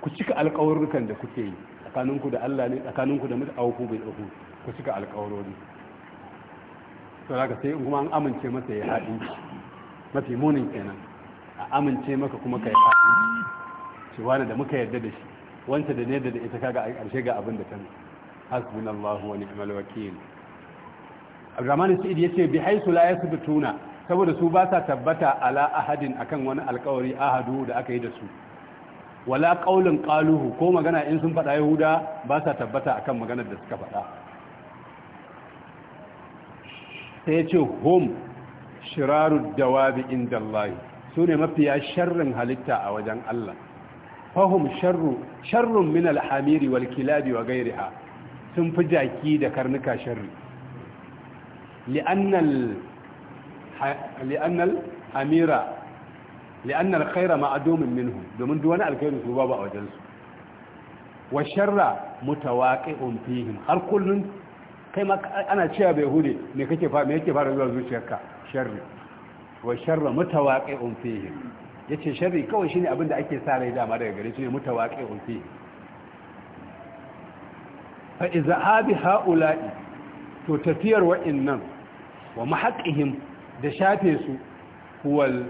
ku cika alƙawarrukan da kuke yi tsakaninku da Allah ne tsakaninku da mutum aufu bil uhud ku cika alƙawarori to zaka sai kuma an amince masa ya haɗi mafi munin kenan a amince maka kuma kai haɗi shi wani da muka yarda da shi wanda da ne da ita kaga a ƙarshe ga abin da ta hasbunallahu wa ni'mal wakil Abdurrahman Sa'id yace bi haythu la yasbutuna saboda su ba sa tabbata ala ahadin akan wani alkawari ahadu da aka yi da su wala qaulun qaluhu ko magana in sun faɗa yahuda ba sa tabbata akan maganar da suka faɗa sai ya ce hum shiraru dawabi indallahi sune mafiya sharrin halitta a wajen Allah fahum sharru sharrun min alhamiri wal kilabi wa gairiha sun fi jaki da karnuka sharri li'annal li'annal amira li'annal khaira ma'adumin minhu domin duk wani alkhairi su babu a wajensu wa sharra mutawaqi'un fihim har kullum kai ma ana cewa bai hude me kake yake fara zuwa zuciyarka sharri yace sharri kawai shine abin da ake sa rai dama daga gare shi ne mutawaqi'un fihim fa izahabi haula'i to tafiyar wa'annan wa mahaqqihim da shafe su huwal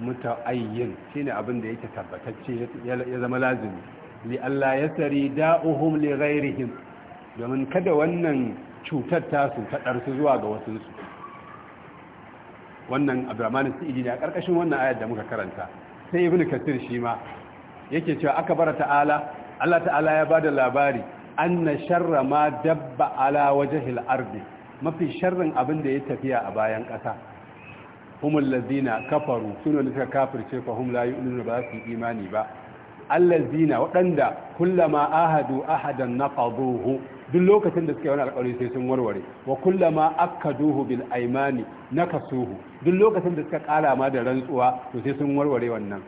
muta'ayyin shine abin da yake tabbatacce ya zama lazimi li Allah yasri da'uhum li ghairihim domin kada wannan cutar tasu ta ɗarsu zuwa ga wasu su wannan abdurrahman Sidi ne a ƙarƙashin wannan ayar da muka karanta sai ibn kasir shi ma yake cewa aka bar ta'ala Allah ta'ala ya bada labari anna sharra ma dabba ala wajhil ardi mafi sharrin abin da ya tafiya a bayan ƙasa humul lazina kafaru suna da suka kafirce fa hum la ba su imani ba allazina waɗanda kullama ahadu ahadan naqaduhu duk lokacin da suka yi wani alƙawari sai sun warware wa kullama akkaduhu bil aymani nakasuhu duk lokacin da suka ƙara ma da rantsuwa to sai sun warware wannan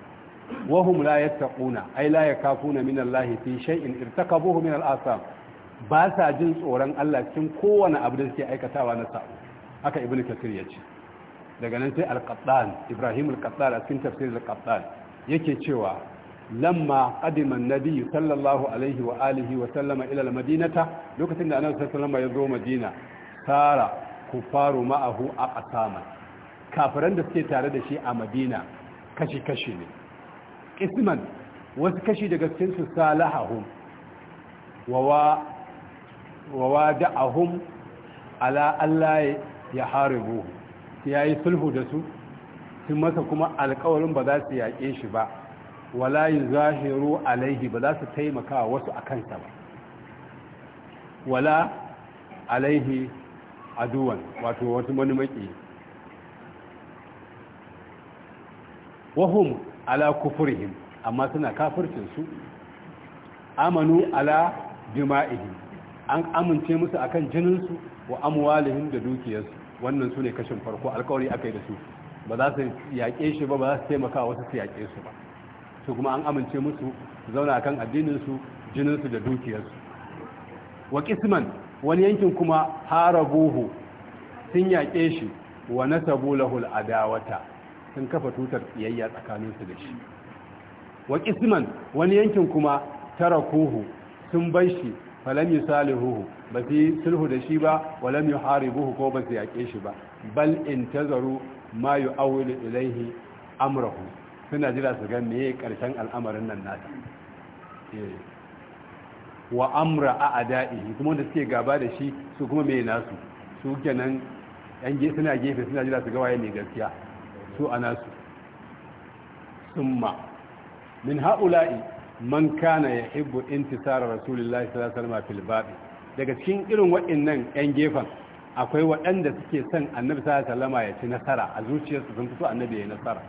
wa hum la yattaquna ay la yakafuna min Allah fi shay'in irtakabuhu min al ba sa jin tsoron Allah cikin kowane abu da suke aikatawa na sa'o haka ibnu kasir ya ce daga nan sai al-qattan ibrahim al-qattan a cikin tafsir al-qattan yake cewa lamma qadima an-nabi sallallahu alaihi wa alihi wa sallama ila al-madinata lokacin da annabi sallallahu alaihi ya zo madina sara kufaru ma'ahu aqsama kafiran da suke tare da shi a madina kashi kashi ne qisman wasu kashi daga cikin su salahahum wa wa wada'ahum ala Allah ya haribuhum ya yi sulhu da su sun masa kuma alkawarin ba za su yaƙe shi ba wala yi zahiru alaihi ba za su taimaka wasu a kansa ba wala alaihi aduwan wato wasu wani maki wahum ala kufurihim amma suna kafircinsu amanu ala jima'ihim an amince musu akan jininsu wa amuwalihim da dukiyarsu wannan su ne kashin farko alkawari aka yi da su ba za su yaƙe shi ba ba za su taimaka wasu su yaƙe su ba su kuma an amince musu zauna kan addininsu jininsu da dukiyarsu wa kisman wani yankin kuma harabuhu sun yaƙe shi wa nasabu lahul adawata sun kafa tutar tsiyayya tsakaninsu da shi wa kisman wani yankin kuma tara kuhu sun bar shi falam yusalihu ba su sulhu da shi ba walam yuharibuhu ko ba su yake shi ba bal intazaru ma yu'awwilu ilaihi amrahu suna jira su ga me karshen al'amarin nan nasa eh. wa amra a ada'ihi kuma wanda suke gaba da shi su kuma me nasu su kenan yan suna gefe suna jira su ga waye mai gaskiya su a nasu summa min ha'ula'i man kana ya hibbu intisara rasulullahi sallallahu alaihi wasallam fil babi daga cikin irin waɗannan yan gefen akwai waɗanda suke son annabi sallallahu ya ci nasara a zuciyarsu sun fito annabi ya yi nasara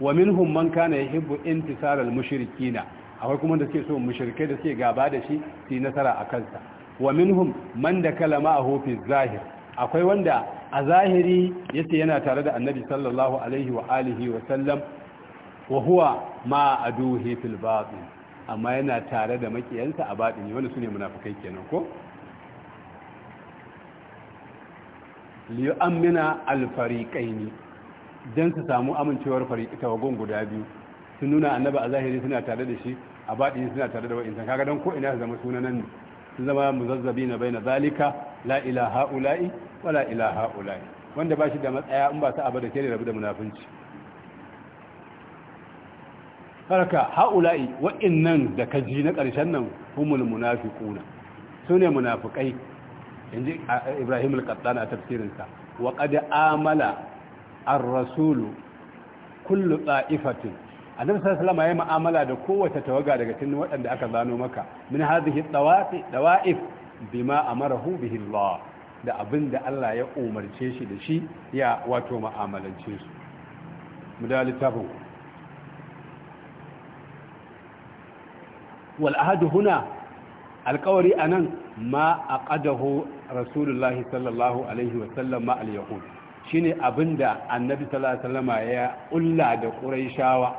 wa minhum man kana yuhibbu intisara al-mushrikina akwai kuma da suke so mushirikai da suke gaba da shi su nasara a kansa wa minhum man da kalama a hofi zahir akwai wanda a zahiri yace yana tare da annabi sallallahu alaihi wa alihi wa sallam wa huwa ma aduhi fil batin amma yana tare da makiyansa a ne wanda su ne munafukai kenan ko liyu'ammina alfariqaini don su samu amincewar fariqi tawagon guda biyu su nuna annaba a zahiri suna tare da shi a baɗini suna tare da wa'insan kaga don ko ina su zama sunanan ne su zama bai baina zalika la ilaha ula'i wala ilaha wanda ba shi da matsaya in ba abu abada ke da rabu da munafunci saraka haula'i wa'innan da ka ji na ƙarshen nan humul munafiquna su ne inji ibrahim al-qattan a tafsirinsa wa qad amala ar-rasulu kullu ta'ifatin annabi sallallahu alaihi mu'amala da kowace tawaga daga cikin waɗanda aka zano maka min hadhihi tawafi dawa'if bima amarahu bihi Allah da abin da Allah ya umarce shi da shi ya wato mu'amalance su mu da littafin wal ahadu huna alkawari anan ma aqadahu rasulullah sallallahu alaihi wa sallam ma al yahud shine abinda annabi sallallahu alaihi ya ulla da quraishawa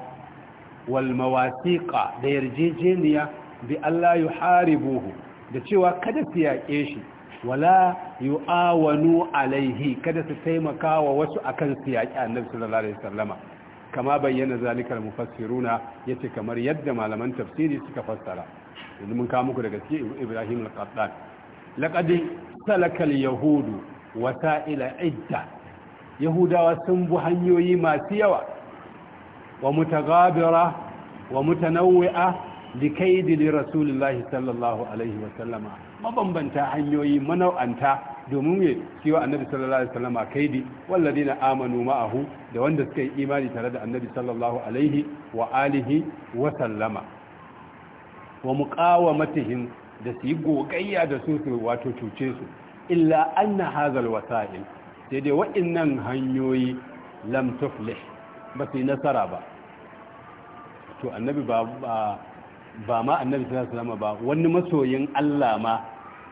wal mawasiqa da yarjejeniya bi Allah yuharibuhu da cewa kada su yaƙe shi wala yu'awanu alaihi kada su taimaka wa wasu akan su yaƙi annabi sallallahu alaihi wasallama kama bayyana zalikar mufassiruna yace kamar yadda malaman tafsiri suka fassara yanzu mun kawo muku daga cikin Ibrahim al-Qattan laqad salaka al-yahud wasa'ila idda yahudawa sun bu hanyoyi masu yawa wa mutagabira wa mutanawwi'a likaidi li rasulillahi sallallahu alaihi wa sallama mabambanta hanyoyi manau'anta domin me kiwa annabi sallallahu alaihi wasallam kaidi walladina amanu ma'ahu da wanda suka yi imani tare da annabi sallallahu alaihi wa alihi wa sallama wa muqawamatihim da su yi gogayya da su su wato cuce su illa anna hazal wasa'il sai dai wa'annan hanyoyi lam tuflih ba su yi nasara ba to annabi ba ba ma annabi sallallahu alaihi wasallam ba wani masoyin Allah ma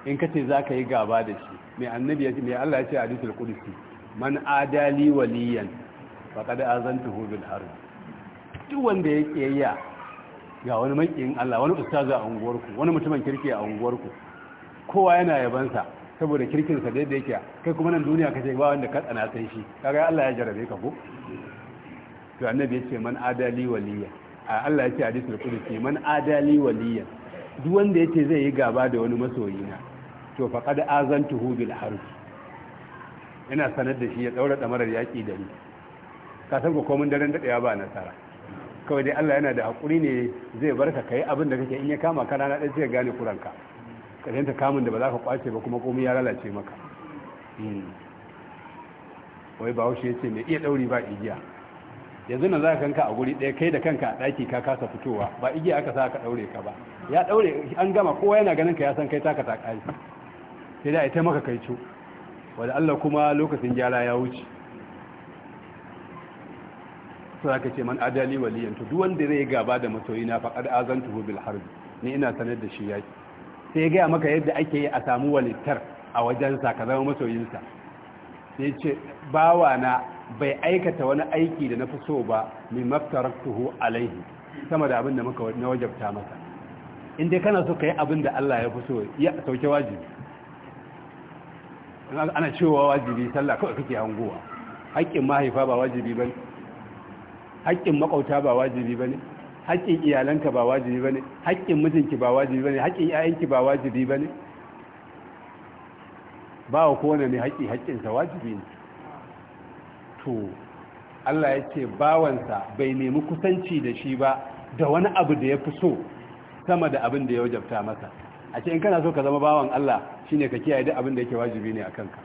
in kace zaka yi gaba da shi mai annabi ya ce mai Allah ya ce hadithul qudsi man adali waliyan ba zan azantuhu bil harbi duk wanda ya ke ya ga wani makin Allah wani ustazu a unguwarku wani mutumin kirki a unguwarku kowa yana yabansa saboda kirkin sa daidai yake kai kuma nan duniya kace ba wanda ka tsana san shi kaga Allah ya jarabe ka ko to annabi ya ce man adali waliyan Allah ya ce hadithul qudsi man adali waliyan duk wanda yake zai yi gaba da wani masoyina to faqad azantuhu bil harb ina sanar da shi ya daura marar yaki da ni ka san ko komin daren da ya ba nasara kawai dai Allah yana da hakuri ne zai barka kai abin da kake in ya kama kana na dai zai gane kuranka ka ta kamun da ba za ka kwace ba kuma komai ya lalace maka hmm. wai ba haushe yace mai iya dauri ba igiya yanzu nan za ka kanka a guri ɗaya kai da kanka a ɗaki ka kasa fitowa ba igiya aka sa ka ɗaure ka ba ya ɗaure an gama kowa yana ganin ka ya san kai taka ta sai da ita maka kaico wadda Allah kuma lokacin gyara ya wuce sai aka ce man adali waliyan to duk wanda zai gaba da masoyi na faqad tuhu bil harb ni ina sanar da shi ya ce sai ya gaya maka yadda ake yi a samu walittar a wajensa ka zama masoyinsa sai ce bawa na bai aikata wani aiki da na fi so ba mai tuhu alaihi sama da abin da muka na wajabta masa in dai kana so ka yi abin da Allah ya fi so ya sauke wajibi ana cewa wajibi sallah kawai kake hangowa haƙƙin mahaifa ba wajibi bane haƙƙin makauta ba wajibi bane haƙƙin iyalanka ba wajibi bane haƙƙin mijinki ba wajibi bane haƙƙin ƴaƴanki ba wajibi bane ba wa kowane ne haƙƙi haƙƙinsa wajibi ne to Allah ya ce bawansa bai nemi kusanci da shi ba da wani abu da ya fi so sama da abin da ya wajabta masa a ce in kana so ka zama bawan Allah shi ne ka kiyaye duk abin da yake wajibi ne a kanka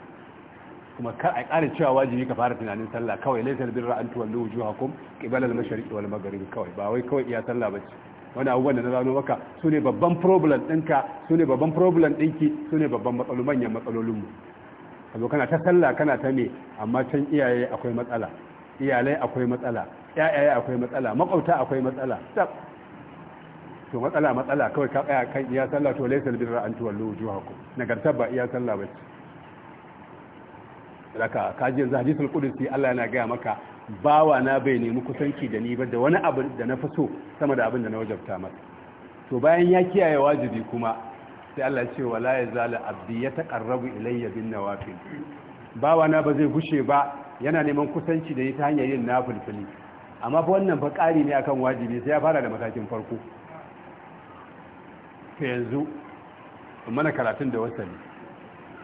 kuma kar a ƙara cewa wajibi ka fara tunanin sallah kawai laysal birra an tuwallu wujuhakum qibala al-mashriq wal maghrib kawai ba wai kawai iya sallah bace wani abubuwan da na zano maka su ne babban problem ɗinka su ne babban problem ɗinki su ne babban matsalolin manyan matsalolinmu abu kana ta sallah kana ta ne amma can iyaye akwai matsala iyalai akwai matsala ya'ya akwai matsala makwabta akwai matsala to matsala matsala kawai ka tsaya kan iya sallah to laysal birra an tuwallu wujuhaku nagartar ba iya sallah bace raka kaji yanzu hadisul qudsi Allah yana gaya maka bawa na bai nemi kusanci da ni ba da wani abu da na so sama da abin da na wajabta masa to bayan ya kiyaye wajibi kuma sai Allah ya ce wala yazala abdi yataqarrabu ilayya bin nawafil bawa na ba zai gushe ba yana neman kusanci da ni ta hanyar yin nafilfili amma fa wannan fa ƙari ne akan wajibi sai ya fara da matakin farko ta yanzu mana karatun da wasali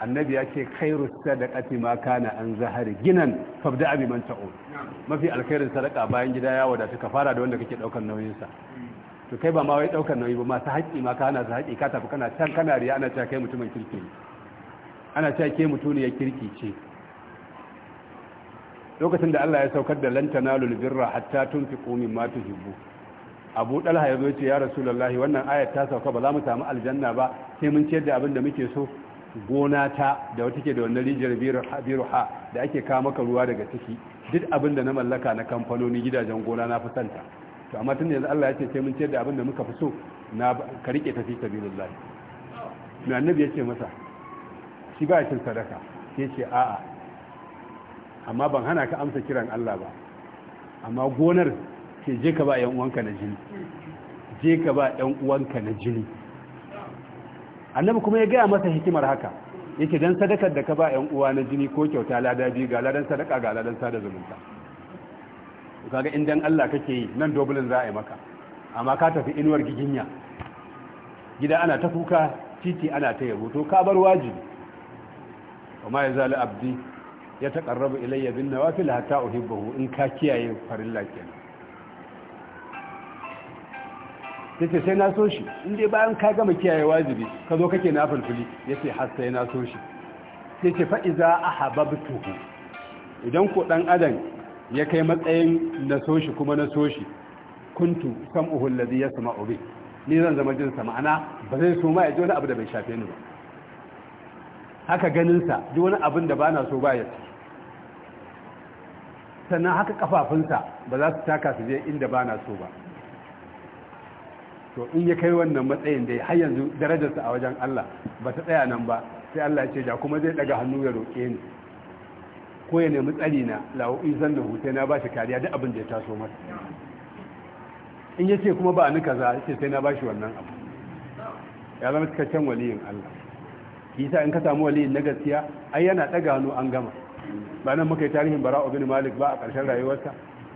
annabi ya ce khairu sadaqati ma kana an zahari ginan fabda abi man ta'u mafi alkhairin sadaka bayan gida ya wada ka fara da wanda kake daukar nauyin sa to kai ba ma wai daukar nauyi ba masu haƙi ma kana su haƙi ka tafi kana can kana riya ana cewa kai mutumin kirki ne ana cewa ke ya kirki ce lokacin da Allah ya saukar da lantana lulbirra hatta tunfiqu mimma tuhibbu abu dalha ya zo ce ya rasulullahi wannan ayat ta sauka ba za mu samu aljanna ba sai mun ciyar da abin da muke so gona ta da wata ke da wannan rijiyar ha da ake kawo maka ruwa daga ciki duk abin da na mallaka na kamfanoni gidajen gona na fusanta to amma tun yanzu Allah ya ce sai mun ciyar da abin da muka fi so na ka rike tafi sabilillahi mai annabi ya ce masa shi ba cin sadaka sai ce a'a amma ban hana ka amsa kiran Allah ba amma gonar ke je ka ba yan uwanka na jini je ka ba yan uwanka na jini annabi kuma ya gaya masa hikimar haka yake dan sadakar da ka ba yan uwa na jini ko kyauta lada biyu ga ladan sadaka ga ladan sada zumunta kaga in dan Allah kake yi nan dobulin za a yi maka amma ka tafi inuwar giginya gida ana ta kuka titi ana ta yabo to ka bar wajibi amma ya zali abdi ya taqarrabu ilayya bin nawafil hatta uhibbu in ka kiyaye farilla kenan yace sai na so shi inda bayan ka gama kiyaye wajibi ka zo kake na fulfuli ya har sai na so shi ta ce fa'iza a idan ku ɗan adam ya kai matsayin na so shi kuma na so shi kuntu san uhun lazi ya sama ni zan zama jinsa ma'ana ba zai so ma ya ji wani abu da bai shafe ni ba haka ganinsa ji wani abin da ba na so ba ya ci sannan haka kafafunsa ba za su taka su je inda ba na so ba to in ya kai wannan matsayin dai har yanzu darajarsa a wajen Allah ba ta tsaya nan ba sai Allah ya ce da kuma zai daga hannu ya roƙe ni ko ya nemi tsari na lawo izan da hutai na shi kariya duk abin da ya taso masa in ya ce kuma ba ni kaza ya ce sai na ba shi wannan abu ya zama cikakken waliyin Allah kisa in ka samu waliyin na gaskiya ai yana daga hannu an gama ba nan muka yi tarihin bara'u bin malik ba a ƙarshen rayuwarsa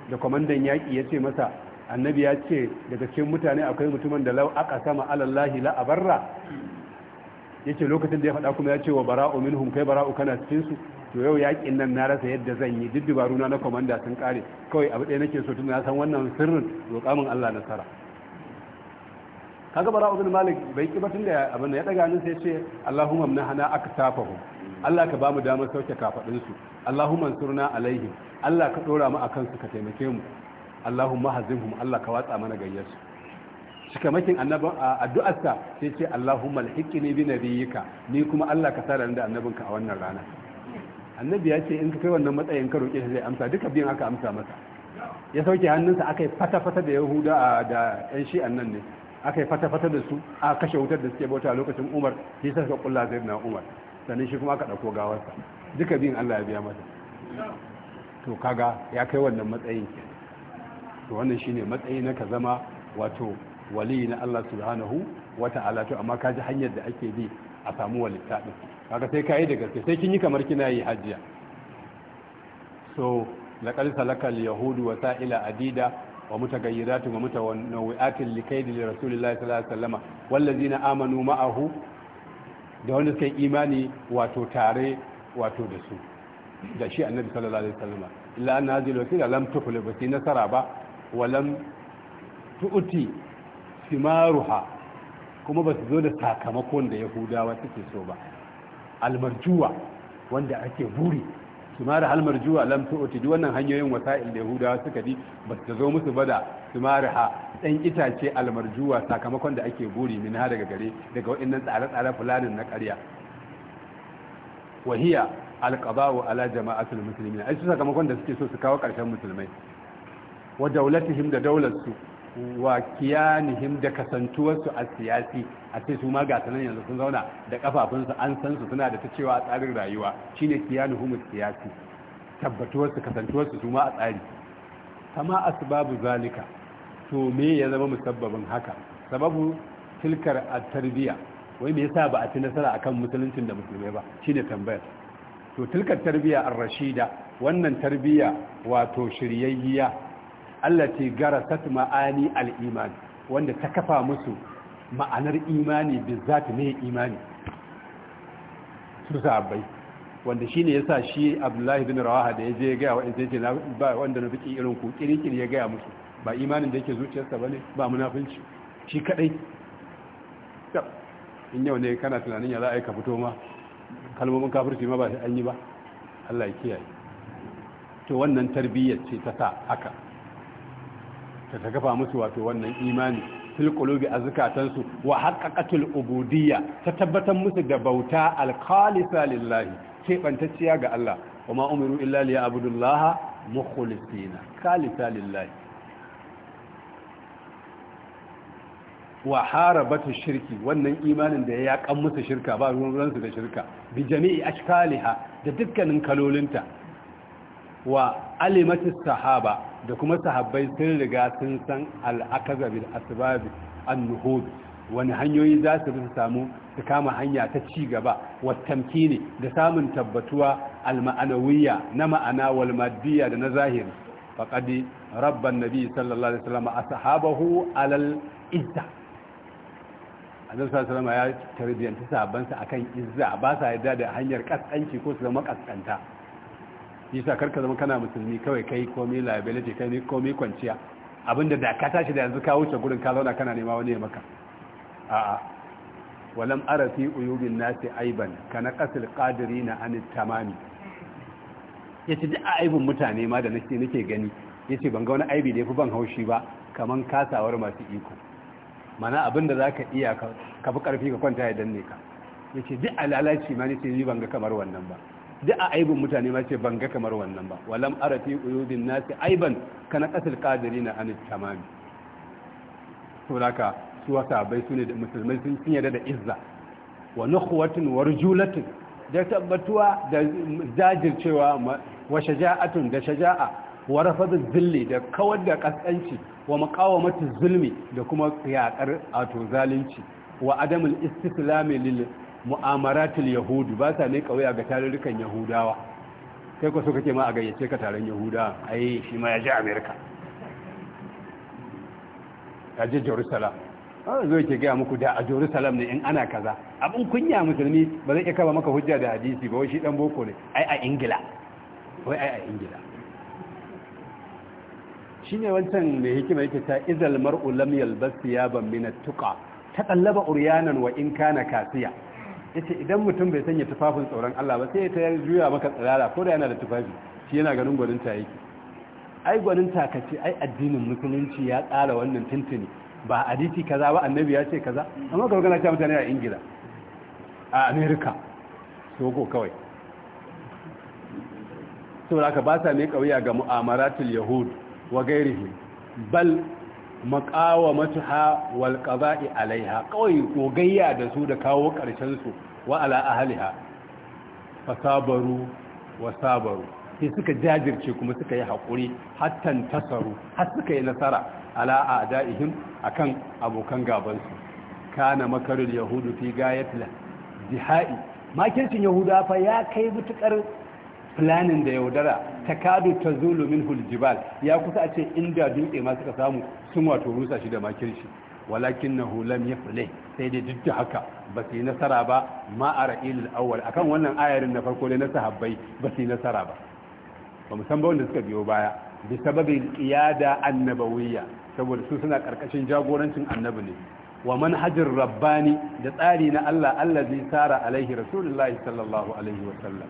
da kwamandan yaƙi ya ce masa annabi ya ce daga cikin mutane akwai mutumin da lau aka sama alallahi la abarra yace lokacin da ya faɗa kuma ya ce wa bara'u minhum kai bara'u kana cikin su to yau yakin nan na rasa yadda zan yi duk na na komanda sun kare kawai abu ɗaya nake so tun na san wannan sirrin roƙa min Allah nasara kaga bara'u bin malik bai ki batun da abin da ya daga hannun sai ce Allahumma hana aktafahu Allah ka ba mu damar sauke kafadin su Allahumma ansurna alaihim Allah ka dora mu akan su ka taimake mu Allahumma hazinhum Allah ka watsa mana gayyar su makin annabin addu'arsa sai ce Allahumma alhiqni bi nabiyyika ni kuma Allah ka sa da annabinka a wannan rana annabi ya ce in ka kai wannan matsayin ka roƙe zai amsa duka biyan aka amsa masa ya sauke hannunsa aka yi fata-fata da yahuda da yan shi'an nan ne aka yi fata-fata da su a kashe wutar da suke bauta lokacin umar shi sai suka kulla zai na umar sannan shi kuma aka ɗauko gawarsa duka biyun allah ya biya masa to kaga ya kai wannan matsayin ke to wannan shine matsayi na ka zama wato wali na Allah subhanahu wa ta'ala to amma kaji hanyar da ake bi a samu walita din kaga sai kai da gaske sai kin yi kamar kina yi hajjiya so laqad salaka al-yahudu wa sa'ila adida wa mutagayyiratun wa mutawannawi'atin likaydi li rasulillahi sallallahu alaihi wasallam ladina amanu ma'ahu da wanda suka imani wato tare wato da su da shi annabi sallallahu alaihi wasallam illa anna hadhihi al-wasila lam tufli bi nasara ba Walan tu'uti simaruha kuma ba su zo da sakamakon da yahudawa suke so ba almarjuwa wanda ake buri simari almarjuwa lam tu'uti duk wannan hanyoyin wasa'il da yahudawa suka bi ba su zo musu ba da simari ha dan itace almarjuwa sakamakon da ake buri min ha daga gare daga waɗannan tsare-tsare fulanin na ƙarya wahiya alqada'u ala jama'atul muslimin ai su sakamakon da suke so su kawo ƙarshen musulmai wa daulatihim da daularsu wa kiyanihim da kasantuwarsu a siyasi a ce su ma ga sanan yanzu sun zauna da kafafunsu an san su suna da ta cewa a tsarin rayuwa shine kiyanihum siyasi tabbatuwarsu kasantuwarsu su ma a tsari kama asbabu zalika to me ya zama musabbabin haka sababu tilkar at-tarbiya wai me yasa ba a ci nasara akan musuluncin da musulmai ba shine tambayar to tilkar tarbiya ar-rashida wannan tarbiya wato shiryayya allati garasat ma'ani al-iman wanda ta kafa musu ma'anar imani bizzat ne imani su bai, wanda shine yasa shi Abdullahi bin Rawaha da yaje ga wa'in sai ce ba wanda na fiki irin ku kirikiri ya ga musu ba imanin da yake zuciyarsa bane ba munafinci shi kadai in yau ne kana tunanin ya za a yi ka fito ma kalmomin kafirci ma ba shi an yi ba Allah ya kiyaye to wannan tarbiyyar ce ta sa haka ta kafa musu wato wannan imani fil qulubi zukatansu wa haqqaqatul ubudiyya ta tabbatar musu da bauta al-khalisa lillahi kebantacciya ga Allah ma umiru illa liya'budullaha mukhlisina khalisa lillahi wa harabatu shirki wannan imanin da ya yaƙan musu shirka ba ruwan su da shirka bi jami'i ashkaliha da dukkanin kalolinta wa alimatu sahaba da kuma sahabbai sun riga sun san al'akaza bil asbabi an-nuhud wani hanyoyi za su su samu su kama hanya ta ci gaba ne? da samun tabbatuwa al-ma'anawiyya na ma'ana wal maddiya da na zahiri faqad Rabban an-nabi sallallahu alaihi wasallam ashabahu alal izza annabi sallallahu alaihi wasallam ya tarbiyanci sahabbansa akan izza ba sa yarda da hanyar kaskanci ko su zama kaskanta yasa karka zama kana musulmi kawai kai komai liability kai ne komai kwanciya abinda da ka tashi da yanzu ka wuce gurin ka zauna kana nema wani ya maka a'a walam ara fi uyubin nasi aiban kana qasil qadirina an tamami yace duk aibin mutane ma da nake nake gani yace ban ga wani aibi da yafi ban haushi ba kaman kasawar masu iko mana abinda zaka iya ka fi karfi ka kwanta ya danne ka yace duk alalaci ma nake ni ban ga kamar wannan ba duk a aibin mutane ma ce ban ga kamar wannan ba walam arafi uyubin nasi aiban kana qatil qadirina an tamam to laka su sahabbai bai ne da musulmai sun yadda da izza wa nukhwatin wa rujulatin da tabbatuwa da jajircewa wa shaja'atun da shaja'a wa rafadu zilli da kawar da kaskanci wa muqawamatu zulmi da kuma yaƙar ato zalunci wa adamul istislami lil mu'amaratul yahud ba sa ne kauya ga tarurrukan yahudawa Sai ko suka kake ma a gayyace ka taron yahudawa ai shi ma ya je america ya je jerusalem an zo yake gaya muku da a jerusalem ne in ana kaza abin kunya musulmi ba zai iya kaba maka hujja da hadisi ba wai shi dan boko ne ai a ingila wai ai a ingila Shi ne wancan mai hikima yake ta izal mar'u lam yalbas thiyaban min at-tuqa taqallaba uryanan wa in kana kasiya yace idan mutum bai sanya tufafin tsoron Allah ba sai ya tayar juya maka tsirara ko da yana da tufafi shi yana ganin gwanin ta yake ai gwanin ta kace ai addinin musulunci ya tsara wannan tintini ba hadisi kaza ba annabi ya ce kaza amma ka gana ta mutane a Ingila a America ko kawai saboda ka ba sa ne kauya ga mu'amaratul yahud wa gairihi bal Maƙawa maqawamatuha wal qada'i alaiha kawai gogayya da su da kawo karshen su wa ala ahliha sabaru wa sabaru sai suka jajirce kuma suka yi haƙuri hattan tasaru har suka yi nasara ala a'da'ihim akan abokan gabansu kana makarul yahudu fi gayatil jihai makircin yahuda fa ya kai mutukar planning da yaudara takadu ta minhul huljibal ya kusa a ce inda dutse ma suka samu sun wato rusa shi da na walakinnahu lam yaflih sai dai duk da haka ba su yi nasara ba ma a ra'ilil awwal akan wannan ayarin na farko da na sahabbai ba su yi nasara ba ba musamman wanda suka biyo baya bi sababin qiyada annabawiyya saboda su suna karkashin jagorancin annabi ne wa manhajin rabbani da tsari na Allah Allah zai sara alaihi rasulullahi sallallahu alaihi wa sallam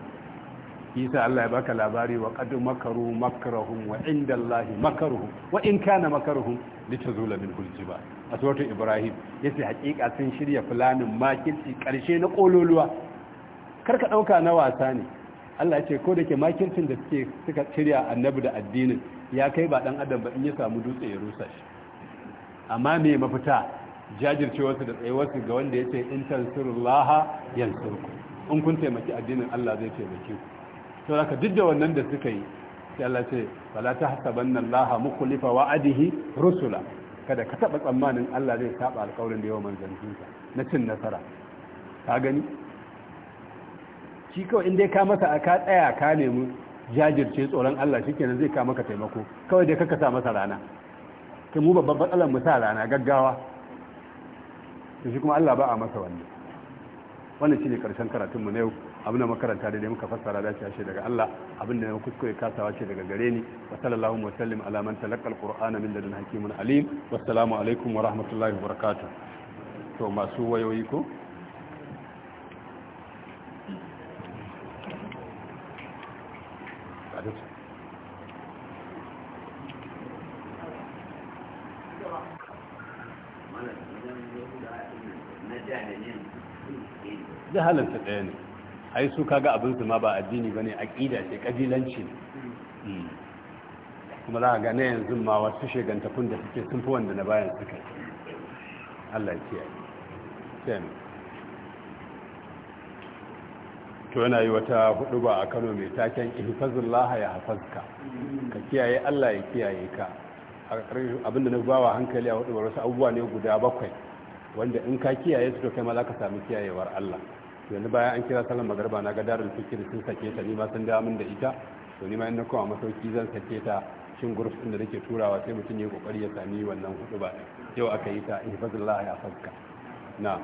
yasa Allah ya baka labari wa qad makaru makrahum wa inda Allah makaruhum wa in kana makaruhum litazula min huljibal a suratul ibrahim yace hakika sun shirya planin makirci karshe na kololuwa karka dauka na wasa ne Allah yace ko dake makircin da suke suka shirya annabi da addinin ya kai ba dan adam ba in ya samu dutse ya rusa shi amma me mafita jajircewarsu da tsayuwarsu ga wanda ya ce in tansurullaha yansurku in kun taimaki addinin Allah zai taimake ku to haka duk da wannan da suka yi sai Allah ce wala tahsabanna Allah mukhlifa wa'adihi rusula kada ka taba tsammanin Allah zai saba alƙawarin da yawa manzancinsa na cin nasara ka gani shi kawai indai ka masa a tsaya ka nemi jajirce tsoron Allah shikenan zai ka maka taimako kawai dai kaka sa masa rana kai mu babban matsalar mu sa rana gaggawa to shi kuma Allah ba a masa wannan wannan shine karshen karatun mu na yau abin da makaranta da muka fassara da ce daga Allah abin da kuskure kasawa ce daga gare ni wa sallallahu wa sallim ala man talaqa alqur'ana min ladun hakimun alim assalamu alaikum wa rahmatullahi wa barakatuh to masu wayoyi ko da halin ta ɗaya ne ai su kaga abin su ma ba addini bane aqida ce kabilanci hmm. kuma za a ga na yanzu ma wasu shegantakun da suke sun fi wanda na bayan suka Allah ya kiyaye sai to yana yi wata hudu ba a kano mai taken ihfazullah ya hafazka ka kiyaye Allah ya kiyaye ka abinda na bawa hankali a hudu wasu abubuwa ne guda bakwai wanda in ka kiyaye su to kai ma za ka sami kiyayewar Allah yanzu bayan an kira salon magarba na ga darul fikir sun sake ta ni ma sun damun da ita to ni ma na koma masauki zan sake ta shin guruf din da nake turawa sai mutum ya kokari ya sami wannan hudu ba yau aka yi ta in ihfazillah ya fazka na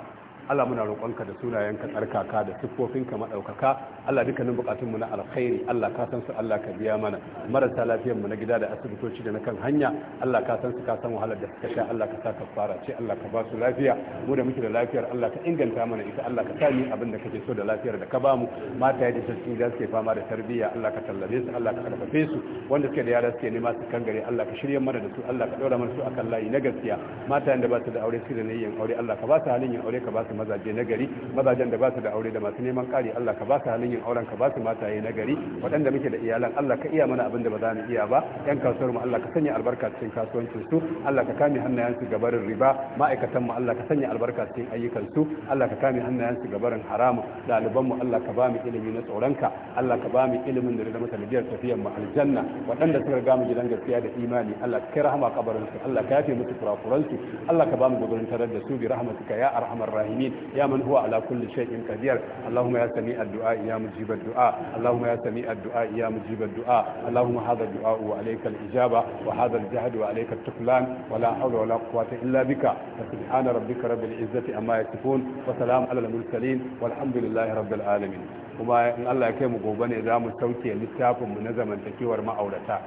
Allah muna roƙonka da sunayenka tsarkaka da siffofinka maɗaukaka Allah dukkanin buƙatunmu na alkhairi Allah ka san su Allah ka biya mana marasa lafiyar mu na gida da asibitoci da na kan hanya Allah ka san su ka san wahalar da suka sha Allah ka sa ka fara ce Allah ka ba su lafiya mu da muke da lafiyar Allah ka inganta mana ita Allah ka sani abin da kake so da lafiyar da ka ba mu mata da sassin da suke fama da tarbiyya Allah ka tallabe su Allah ka karfafe su wanda suke da yara suke nema su kan gare Allah ka shirye mana da su Allah ka daura mana su akan layi na gaskiya mata da ba su da aure suke da niyyan aure Allah ka ba su halin yin aure ka ba su mazaje na gari mazajen da ba su da aure da masu neman ƙari Allah ka ba su halin yin auren ka ba su mataye na gari waɗanda muke da iyalan Allah ka iya mana abin da ba za mu iya ba yan kasuwar mu Allah ka sanya albarka cikin kasuwancin su Allah ka kame hannayen su gabarin riba ma'aikatan mu Allah ka sanya albarka cikin ayyukan su Allah ka kame hannayen su gabarin haramu ɗaliban mu Allah ka ba mu ilimi na tsoronka Allah ka ba mu ilimin da da masalidiyar tafiyar mu aljanna waɗanda suka ga mu gidan gaskiya da imani Allah ka kai rahama kabarin su Allah ka yafe musu kurakuran su Allah ka ba mu gudun tarar da su bi rahmatuka ya arhamar rahimin العليم يا من هو على كل شيء قدير اللهم يا سميع الدعاء يا مجيب الدعاء اللهم يا سميع الدعاء يا مجيب الدعاء اللهم هذا الدعاء وعليك الإجابة وهذا الجهد وعليك التكلان ولا حول ولا قوة إلا بك سبحان ربك رب العزة أما يصفون وسلام على المرسلين والحمد لله رب العالمين kuma in Allah ya kai mu gobe ne za mu sauke littafin mu na zamantakewar ma'aurata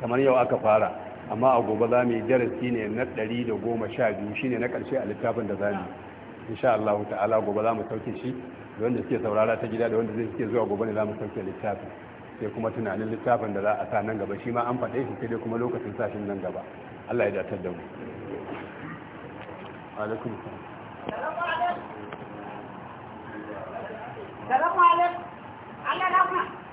kamar yau aka fara amma a gobe za mu yi darasi ne na 112 shine na ƙarshe a littafin da za mu yi insha Allah ta'ala gobe za mu sauke shi da wanda suke saurara ta gida da wanda zai suke zuwa gobe ne za mu sauke littafin sai kuma tunanin littafin da za a sa nan gaba shi ma an faɗe shi sai dai kuma lokacin sashin nan gaba Allah ya datar da mu alaikum salam alaikum Allah